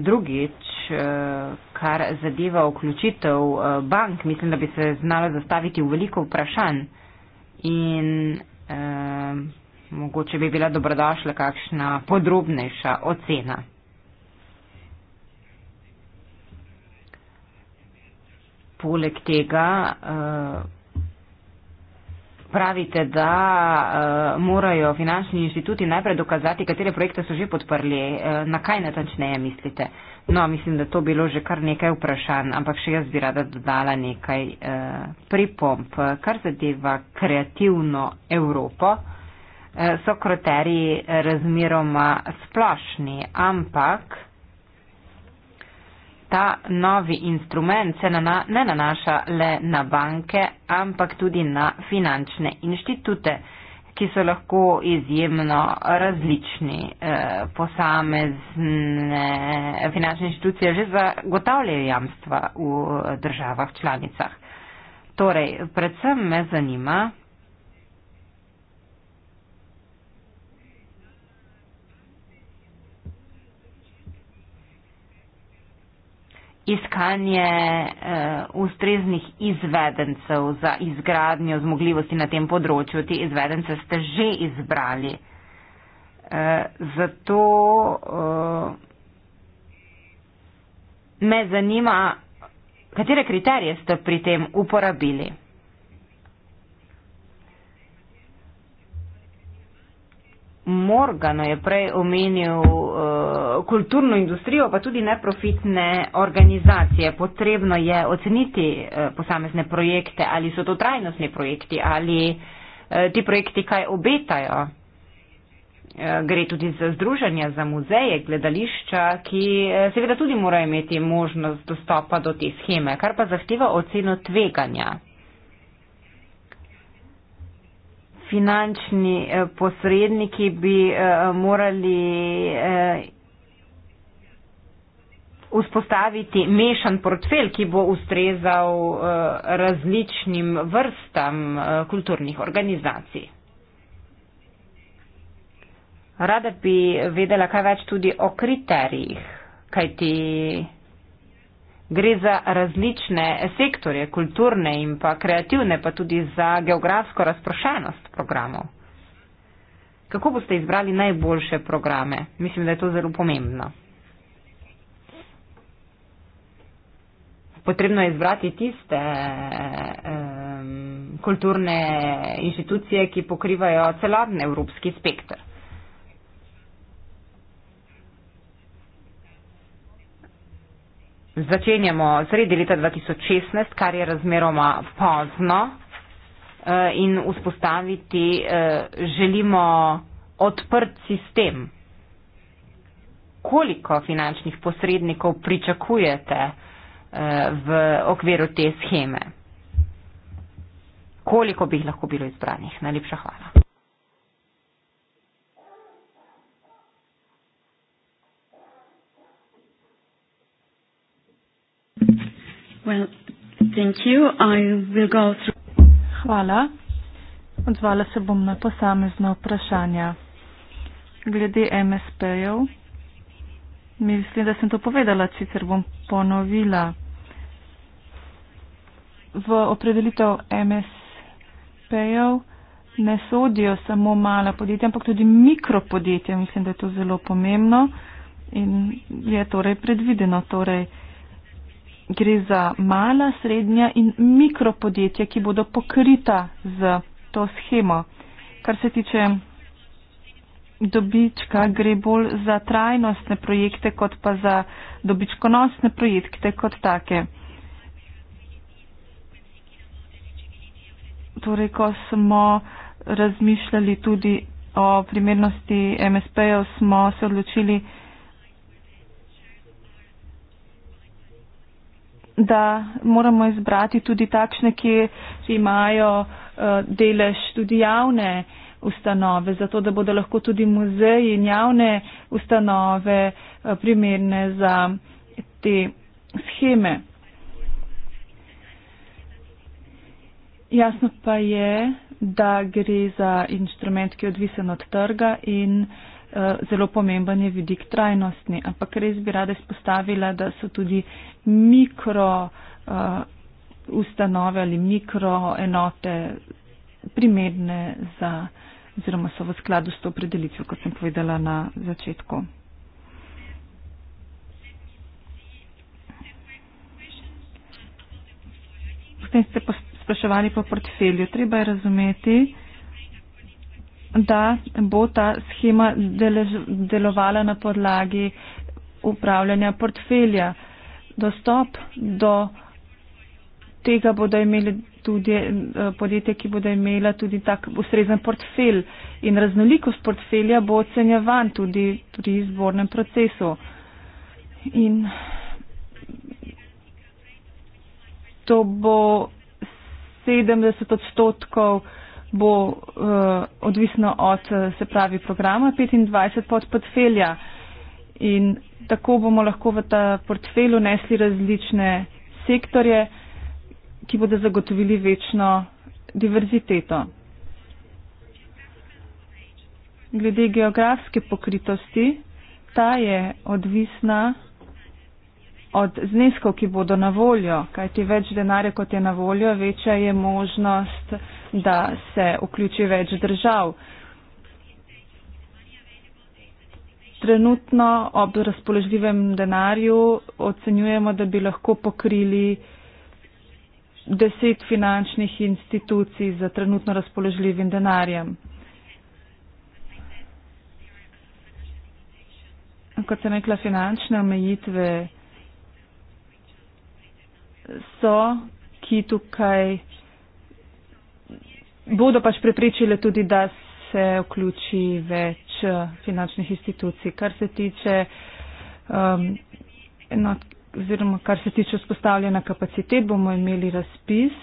Drugič, Eh, kar zadeva vključitev eh, bank, mislim, da bi se znala zastaviti v veliko vprašanj in eh, mogoče bi bila dobrodošla kakšna podrobnejša ocena. Poleg tega. Eh, pravite, da uh, morajo finančni inštituti najprej dokazati, katere projekte so že podprli, uh, na kaj natančneje mislite. No, mislim, da to bilo že kar nekaj vprašanj, ampak še jaz bi rada dodala nekaj uh, pripomp. Kar zadeva kreativno Evropo, uh, so kriteriji razmeroma splošni, ampak ta novi instrument se na, ne nanaša le na banke, ampak tudi na finančne inštitute, ki so lahko izjemno različni. E, posamezne finančne inštitucije že zagotavljajo jamstva v eh, državah članicah. Torej, predvsem me zanima, iskanje uh, ustreznih izvedencev za izgradnjo zmogljivosti na tem področju. Ti izvedence ste že izbrali. Uh, zato uh, me zanima, katere kriterije ste pri tem uporabili. Morgano je prej omenil uh, kulturno industrijo, pa tudi neprofitne organizacije. Potrebno je oceniti uh, posamezne projekte, ali so to trajnostni projekti, ali uh, ti projekti kaj obetajo. Uh, gre tudi za združenja, za muzeje, gledališča, ki uh, seveda tudi morajo imeti možnost dostopa do te scheme, kar pa zahteva oceno tveganja. finančni eh, posredniki bi eh, morali eh, vzpostaviti mešan portfel, ki bo ustrezal različnim vrstam kulturnih organizacij. Rada bi vedela kaj več tudi o kriterijih, kajti Gre za različne sektorje, kulturne in pa kreativne, pa tudi za geografsko razprošenost programov. Kako boste izbrali najboljše programe? Mislim, da je to zelo pomembno. Potrebno je izbrati tiste um, kulturne inštitucije, ki pokrivajo celotni evropski spektr. Začenjamo sredi leta 2016, kar je razmeroma pozno eh, in vzpostaviti eh, želimo odprt sistem. Koliko finančnih posrednikov pričakujete eh, v okviru te scheme? Koliko bi jih lahko bilo izbranih? Najlepša hvala. Well, thank you. I will go through. Hvala. Odzvala se bom na posamezna vprašanja. Glede MSP-jev, mislim, da sem to povedala, sicer bom ponovila. V opredelitev MSP-jev ne sodijo samo mala podjetja, ampak tudi mikropodjetja. Mislim, da je to zelo pomembno in je torej predvideno. Torej, gre za mala, srednja in mikropodjetja, ki bodo pokrita z to schemo. Kar se tiče dobička, gre bolj za trajnostne projekte, kot pa za dobičkonosne projekte kot take. Torej, ko smo razmišljali tudi o primernosti MSP-jev, smo se odločili, da moramo izbrati tudi takšne, ki imajo eh, delež tudi javne ustanove, zato da bodo lahko tudi muzeji in javne ustanove eh, primerne za te scheme. Jasno pa je, da gre za inštrument, ki je odvisen od trga in uh, Eh, zelo pomemben je vidik trajnostni, ampak res bi rada izpostavila, da so tudi mikro uh, ustanove ali mikro enote primerne za oziroma so v skladu s to predelitvijo, kot sem povedala na začetku. Potem ste spraševali po portfelju. Treba je razumeti, da bo ta schema delež, delovala na podlagi upravljanja portfelja. Dostop do tega bodo imeli tudi eh, podjetje, ki bodo imela tudi tak ustrezen portfelj in raznolikost portfelja bo ocenjevan tudi pri izbornem procesu. In to bo 70 odstotkov bo uh, odvisno od, eh, se pravi, programa 25 pod portfelja. In tako bomo lahko v ta portfelj unesli različne sektorje, ki bodo zagotovili večno diverziteto. Glede geografske pokritosti, ta je odvisna od zneskov, ki bodo na voljo, kajti več denarja, kot je na voljo, večja je možnost da se vključi več držav. Trenutno ob razpoložljivem denarju ocenjujemo, da bi lahko pokrili deset finančnih institucij za trenutno razpoložljivim denarjem. Kot sem rekla, finančne omejitve so, ki tukaj bodo pač prepričile tudi, da se vključi več eh, finančnih institucij. Kar se tiče, um, eno, oziroma kar se tiče vzpostavljena kapacitet, bomo imeli razpis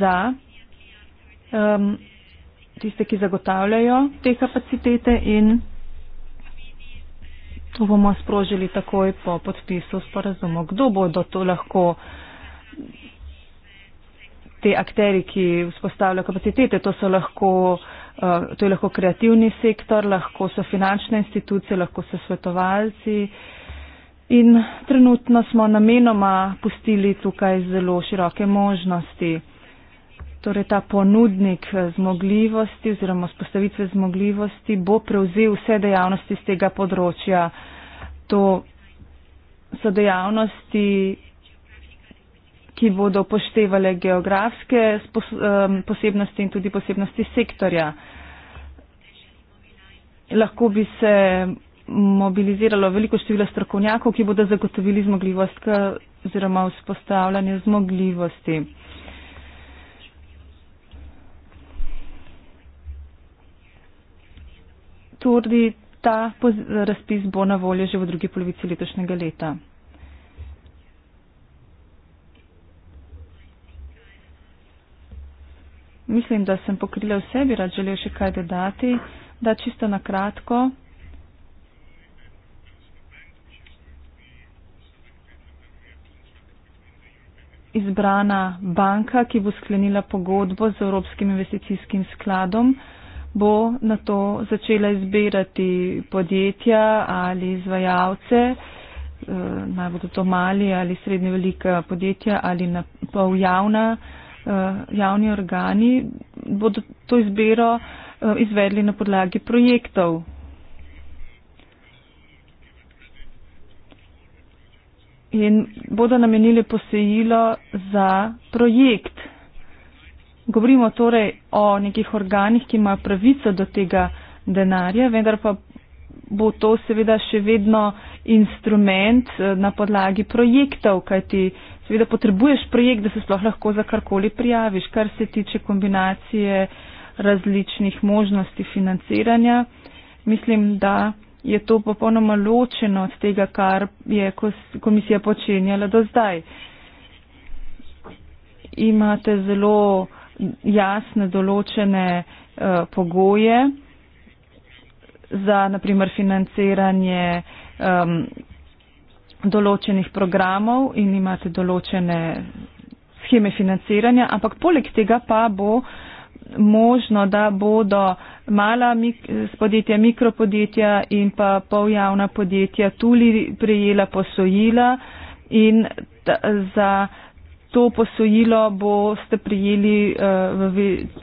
za um, tiste, ki zagotavljajo te kapacitete in to bomo sprožili takoj po podpisu sporazumov. Kdo bodo to lahko te akteri, ki vzpostavljajo kapacitete. To, lahko, eh, to je lahko kreativni sektor, lahko so finančne institucije, lahko so svetovalci. In trenutno smo namenoma pustili tukaj zelo široke možnosti. Torej ta ponudnik eh, zmogljivosti oziroma spostavitve zmogljivosti bo prevzel vse dejavnosti z tega področja. To so dejavnosti, ki bodo poštevale geografske spos, um, posebnosti in tudi posebnosti sektorja. Lahko bi se mobiliziralo veliko število strokovnjakov, ki bodo zagotovili zmogljivost oziroma vzpostavljanje zmogljivosti. Tudi ta razpis bo na voljo že v drugi polovici letošnjega leta. mislim, da sem pokrila vse, bi rad želel še kaj dodati, da čisto na kratko. Izbrana banka, ki bo sklenila pogodbo z Evropskim investicijskim skladom, bo na to začela izbirati podjetja ali izvajalce, eh, naj bodo to mali ali srednje velika podjetja ali pa javna podjetja. Eh, javni organi bodo to izbiro eh, izvedli na podlagi projektov. In bodo namenili posejilo za projekt. Govorimo torej o nekih organih, ki imajo pravico do tega denarja, vendar pa bo to seveda še vedno instrument eh, na podlagi projektov, kajti seveda potrebuješ projekt, da se sploh lahko za karkoli prijaviš, kar se tiče kombinacije različnih možnosti financiranja. Mislim, da je to popolnoma ločeno od tega, kar je komisija počenjala do zdaj. Imate zelo jasne določene uh, pogoje za, naprimer, financiranje um, določenih programov in imate določene scheme financiranja, ampak poleg tega pa bo možno, da bodo mala mik podjetja, mikropodjetja in pa poljavna podjetja tudi prejela posojila in za to posojilo boste prijeli uh, eh, v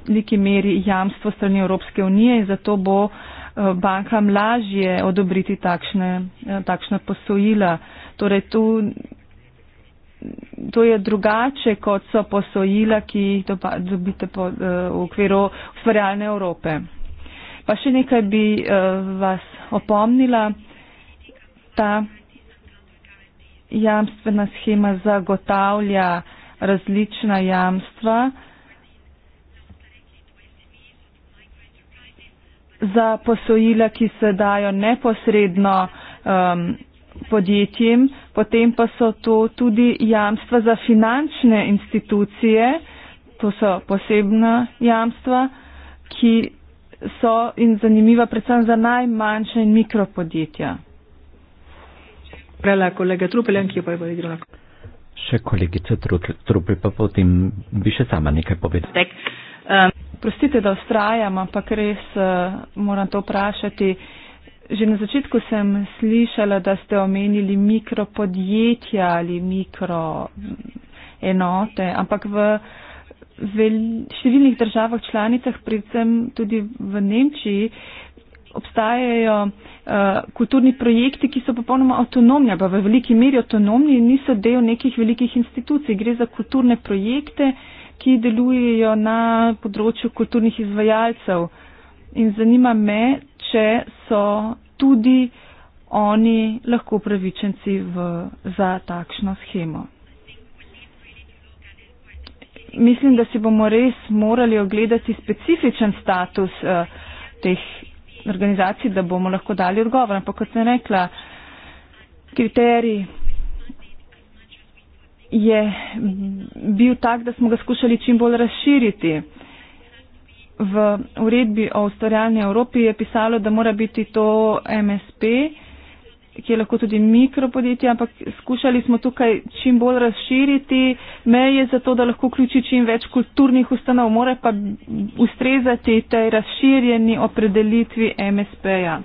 veliki meri jamstvo strani Evropske unije in zato bo uh, bankam lažje odobriti takšne, uh, eh, takšne posojila. Uh, Torej, tu, to je drugače, kot so posojila, ki jih dobite po, eh, v okviru ustvarjalne Evrope. Pa še nekaj bi eh, vas opomnila. Ta jamstvena schema zagotavlja različna jamstva. Za posojila, ki se dajo neposredno um, podjetjem, potem pa so to tudi jamstva za finančne institucije, to so posebna jamstva, ki so in zanimiva predvsem za najmanjše in mikropodjetja. Prela kolega Trupeljan, ki je pa je povedala. Še kolegica Trupelj, pa potem bi še sama nekaj povedala. Um. Prostite, da ustrajam, ampak res uh, moram to vprašati. Uh, že na začetku sem slišala, da ste omenili mikropodjetja ali mikroenote, mm, ampak v številnih državah članicah, predvsem tudi v Nemčiji, obstajajo uh, kulturni projekti, ki so popolnoma avtonomni, pa v veliki meri avtonomni in niso del nekih velikih institucij. Gre za kulturne projekte, ki delujejo na področju kulturnih izvajalcev. In zanima me, če so tudi oni lahko pravičenci v, za takšno schemo. Mislim, da si bomo res morali ogledati specifičen status uh, teh organizacij, da bomo lahko dali odgovor. Ampak, kot sem rekla, kriterij je bil tak, da smo ga skušali čim bolj razširiti v uredbi o ustvarjalni Evropi je pisalo, da mora biti to MSP, ki je lahko tudi mikropodjetje, ampak skušali smo tukaj čim bolj razširiti meje za to, da lahko vključi čim več kulturnih ustanov, mora pa ustrezati tej razširjeni opredelitvi MSP-ja.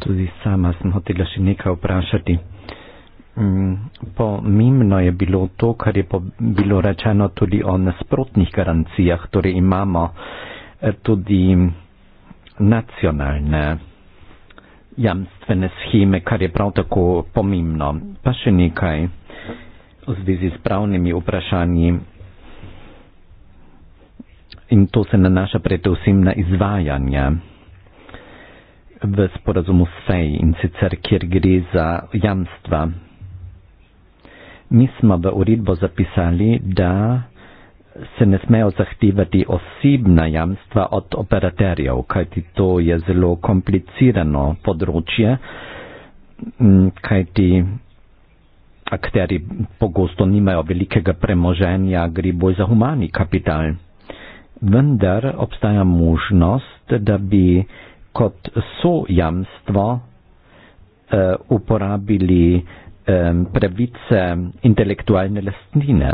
Tudi sama sem hotela še nekaj vprašati. Mm, pomembno je bilo to, kar je bilo rečeno tudi o nasprotnih garancijah, torej imamo eh, tudi nacionalne jamstvene scheme, kar je prav tako pomembno. Pa še nekaj v zvezi s pravnimi vprašanji in to se nanaša predvsem na izvajanje v sporazumu SEJ in sicer, kjer gre za jamstva mi smo v uredbo zapisali, da se ne smejo zahtevati osebna jamstva od operaterjev, kajti to je zelo komplicirano področje, kajti akteri pogosto nimajo velikega premoženja, gre boj za humani kapital. Vendar obstaja možnost, da bi kot so jamstvo eh, uporabili Ehm, pravice, intelektualne lastnine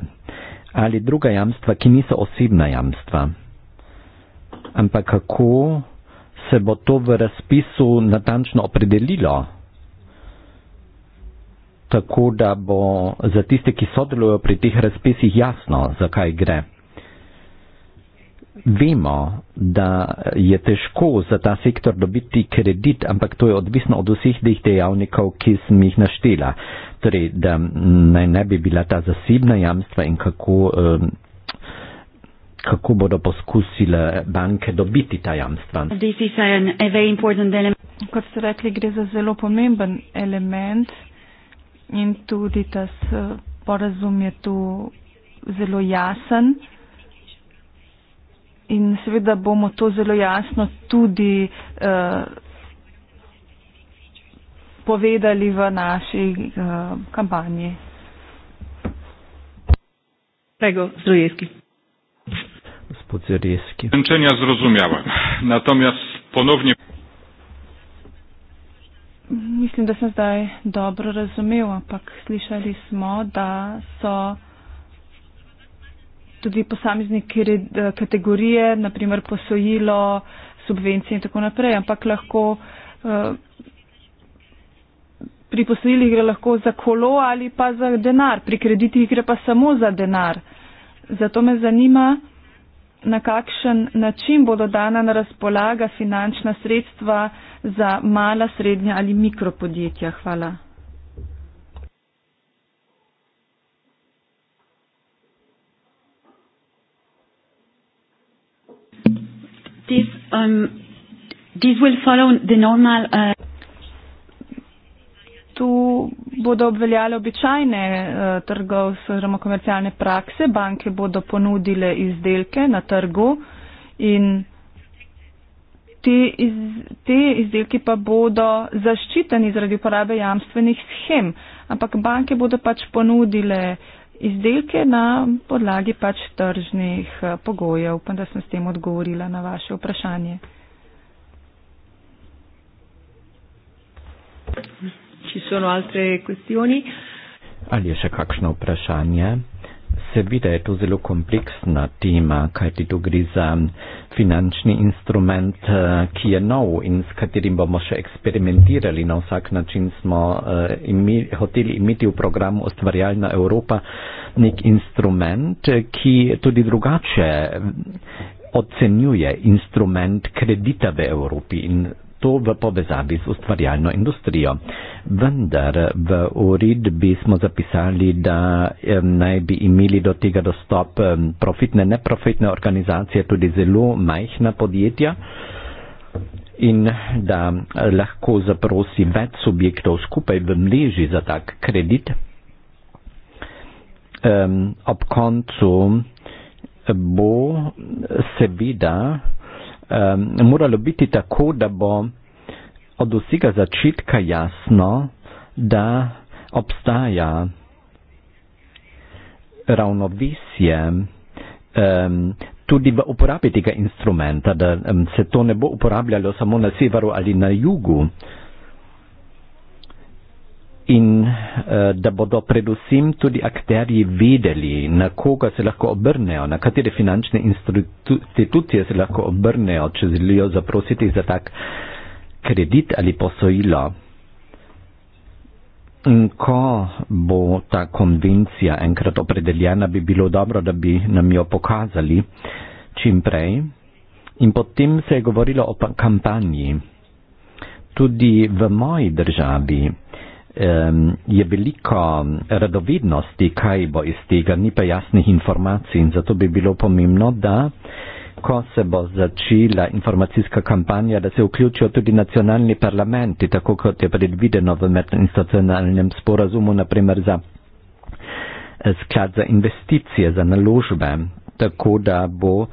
ali druga jamstva, ki niso osebna jamstva. Ampak kako se bo to v razpisu natančno opredelilo, tako da bo za tiste, ki sodelujo pri teh razpisih, jasno, zakaj gre vemo, da je težko za ta sektor dobiti kredit, ampak to je odvisno od vseh teh dejavnikov, ki sem jih naštela. Torej, da naj ne bi bila ta zasebna jamstva in kako, um, kako bodo poskusile banke dobiti ta jamstva. Kot ste rekli, gre za zelo pomemben element in tudi ta sporazum je tu zelo jasen in seveda bomo to zelo jasno tudi eh, povedali v naši eh, kampanji. Prego, Zrojevski. Gospod Zrojevski. Zrojevski. Zrojevski. Natomjast ponovni. Mislim, da sem zdaj dobro razumel, ampak slišali smo, da so tudi posamezne eh, kategorije, naprimer posojilo, subvencije in tako naprej, ampak lahko eh, pri posojilih gre lahko za kolo ali pa za denar, pri kreditih gre pa samo za denar. Zato me zanima, na kakšen način bodo dana na razpolaga finančna sredstva za mala, srednja ali mikropodjetja. Hvala. this um, this will follow the normal. Uh, Tu bodo obveljale običajne uh, trgovske oziroma komercialne prakse, banke bodo ponudile izdelke na trgu in te, iz, te izdelke pa bodo zaščiteni zaradi uporabe jamstvenih schem. Ampak banke bodo pač ponudile uh, izdelke na podlagi pač tržnih eh, pogojev. Upam, da sem s tem odgovorila na vaše vprašanje. Ali je še kakšno vprašanje? Seveda je to zelo kompleksna tema, kajti tu gre za finančni instrument, eh, ki je nov in s katerim bomo še eksperimentirali. Na vsak način smo eh, imi, hoteli imeti v programu Ustvarjalna Evropa nek instrument, ki tudi drugače ocenjuje instrument kredita v Evropi. In to v povezavi z ustvarjalno industrijo. Vendar v uredbi smo zapisali, da naj bi imeli do tega dostop profitne, neprofitne organizacije, tudi zelo majhna podjetja in da lahko zaprosi več subjektov skupaj v mreži za tak kredit. Um, ob koncu bo seveda Ehm, moralo biti tako, da bo od vsega začetka jasno, da obstaja ravnovesje um, tudi v uporabi tega instrumenta, da um, se to ne bo uporabljalo samo na severu ali na jugu, uh, in eh, da bodo predvsem tudi akterji vedeli, na koga se lahko obrnejo, na katere finančne institucije se lahko obrnejo, če želijo zaprositi za tak kredit ali posojilo. In ko bo ta konvencija enkrat opredeljena, bi bilo dobro, da bi nam jo pokazali čim prej. In potem se je govorilo o kampanji. Tudi v moji državi je veliko radovidnosti, kaj bo iz tega, ni pa jasnih informacij in zato bi bilo pomembno, da ko se bo začela informacijska kampanja, da se vključijo tudi nacionalni parlamenti, tako kot je predvideno v medinstitucionalnem sporazumu, naprimer za eh, sklad za investicije, za naložbe, tako da bo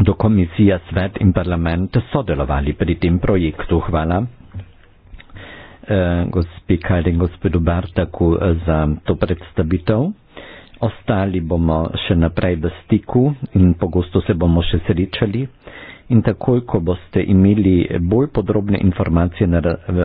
do komisija svet in parlament sodelovali pri tem projektu. Hvala. Eh, gospi Kari, gospodu Bartaku eh, za to predstavitev. Ostali bomo še naprej v stiku in pogosto se bomo še srečali. In takoj, ko boste imeli bolj podrobne informacije na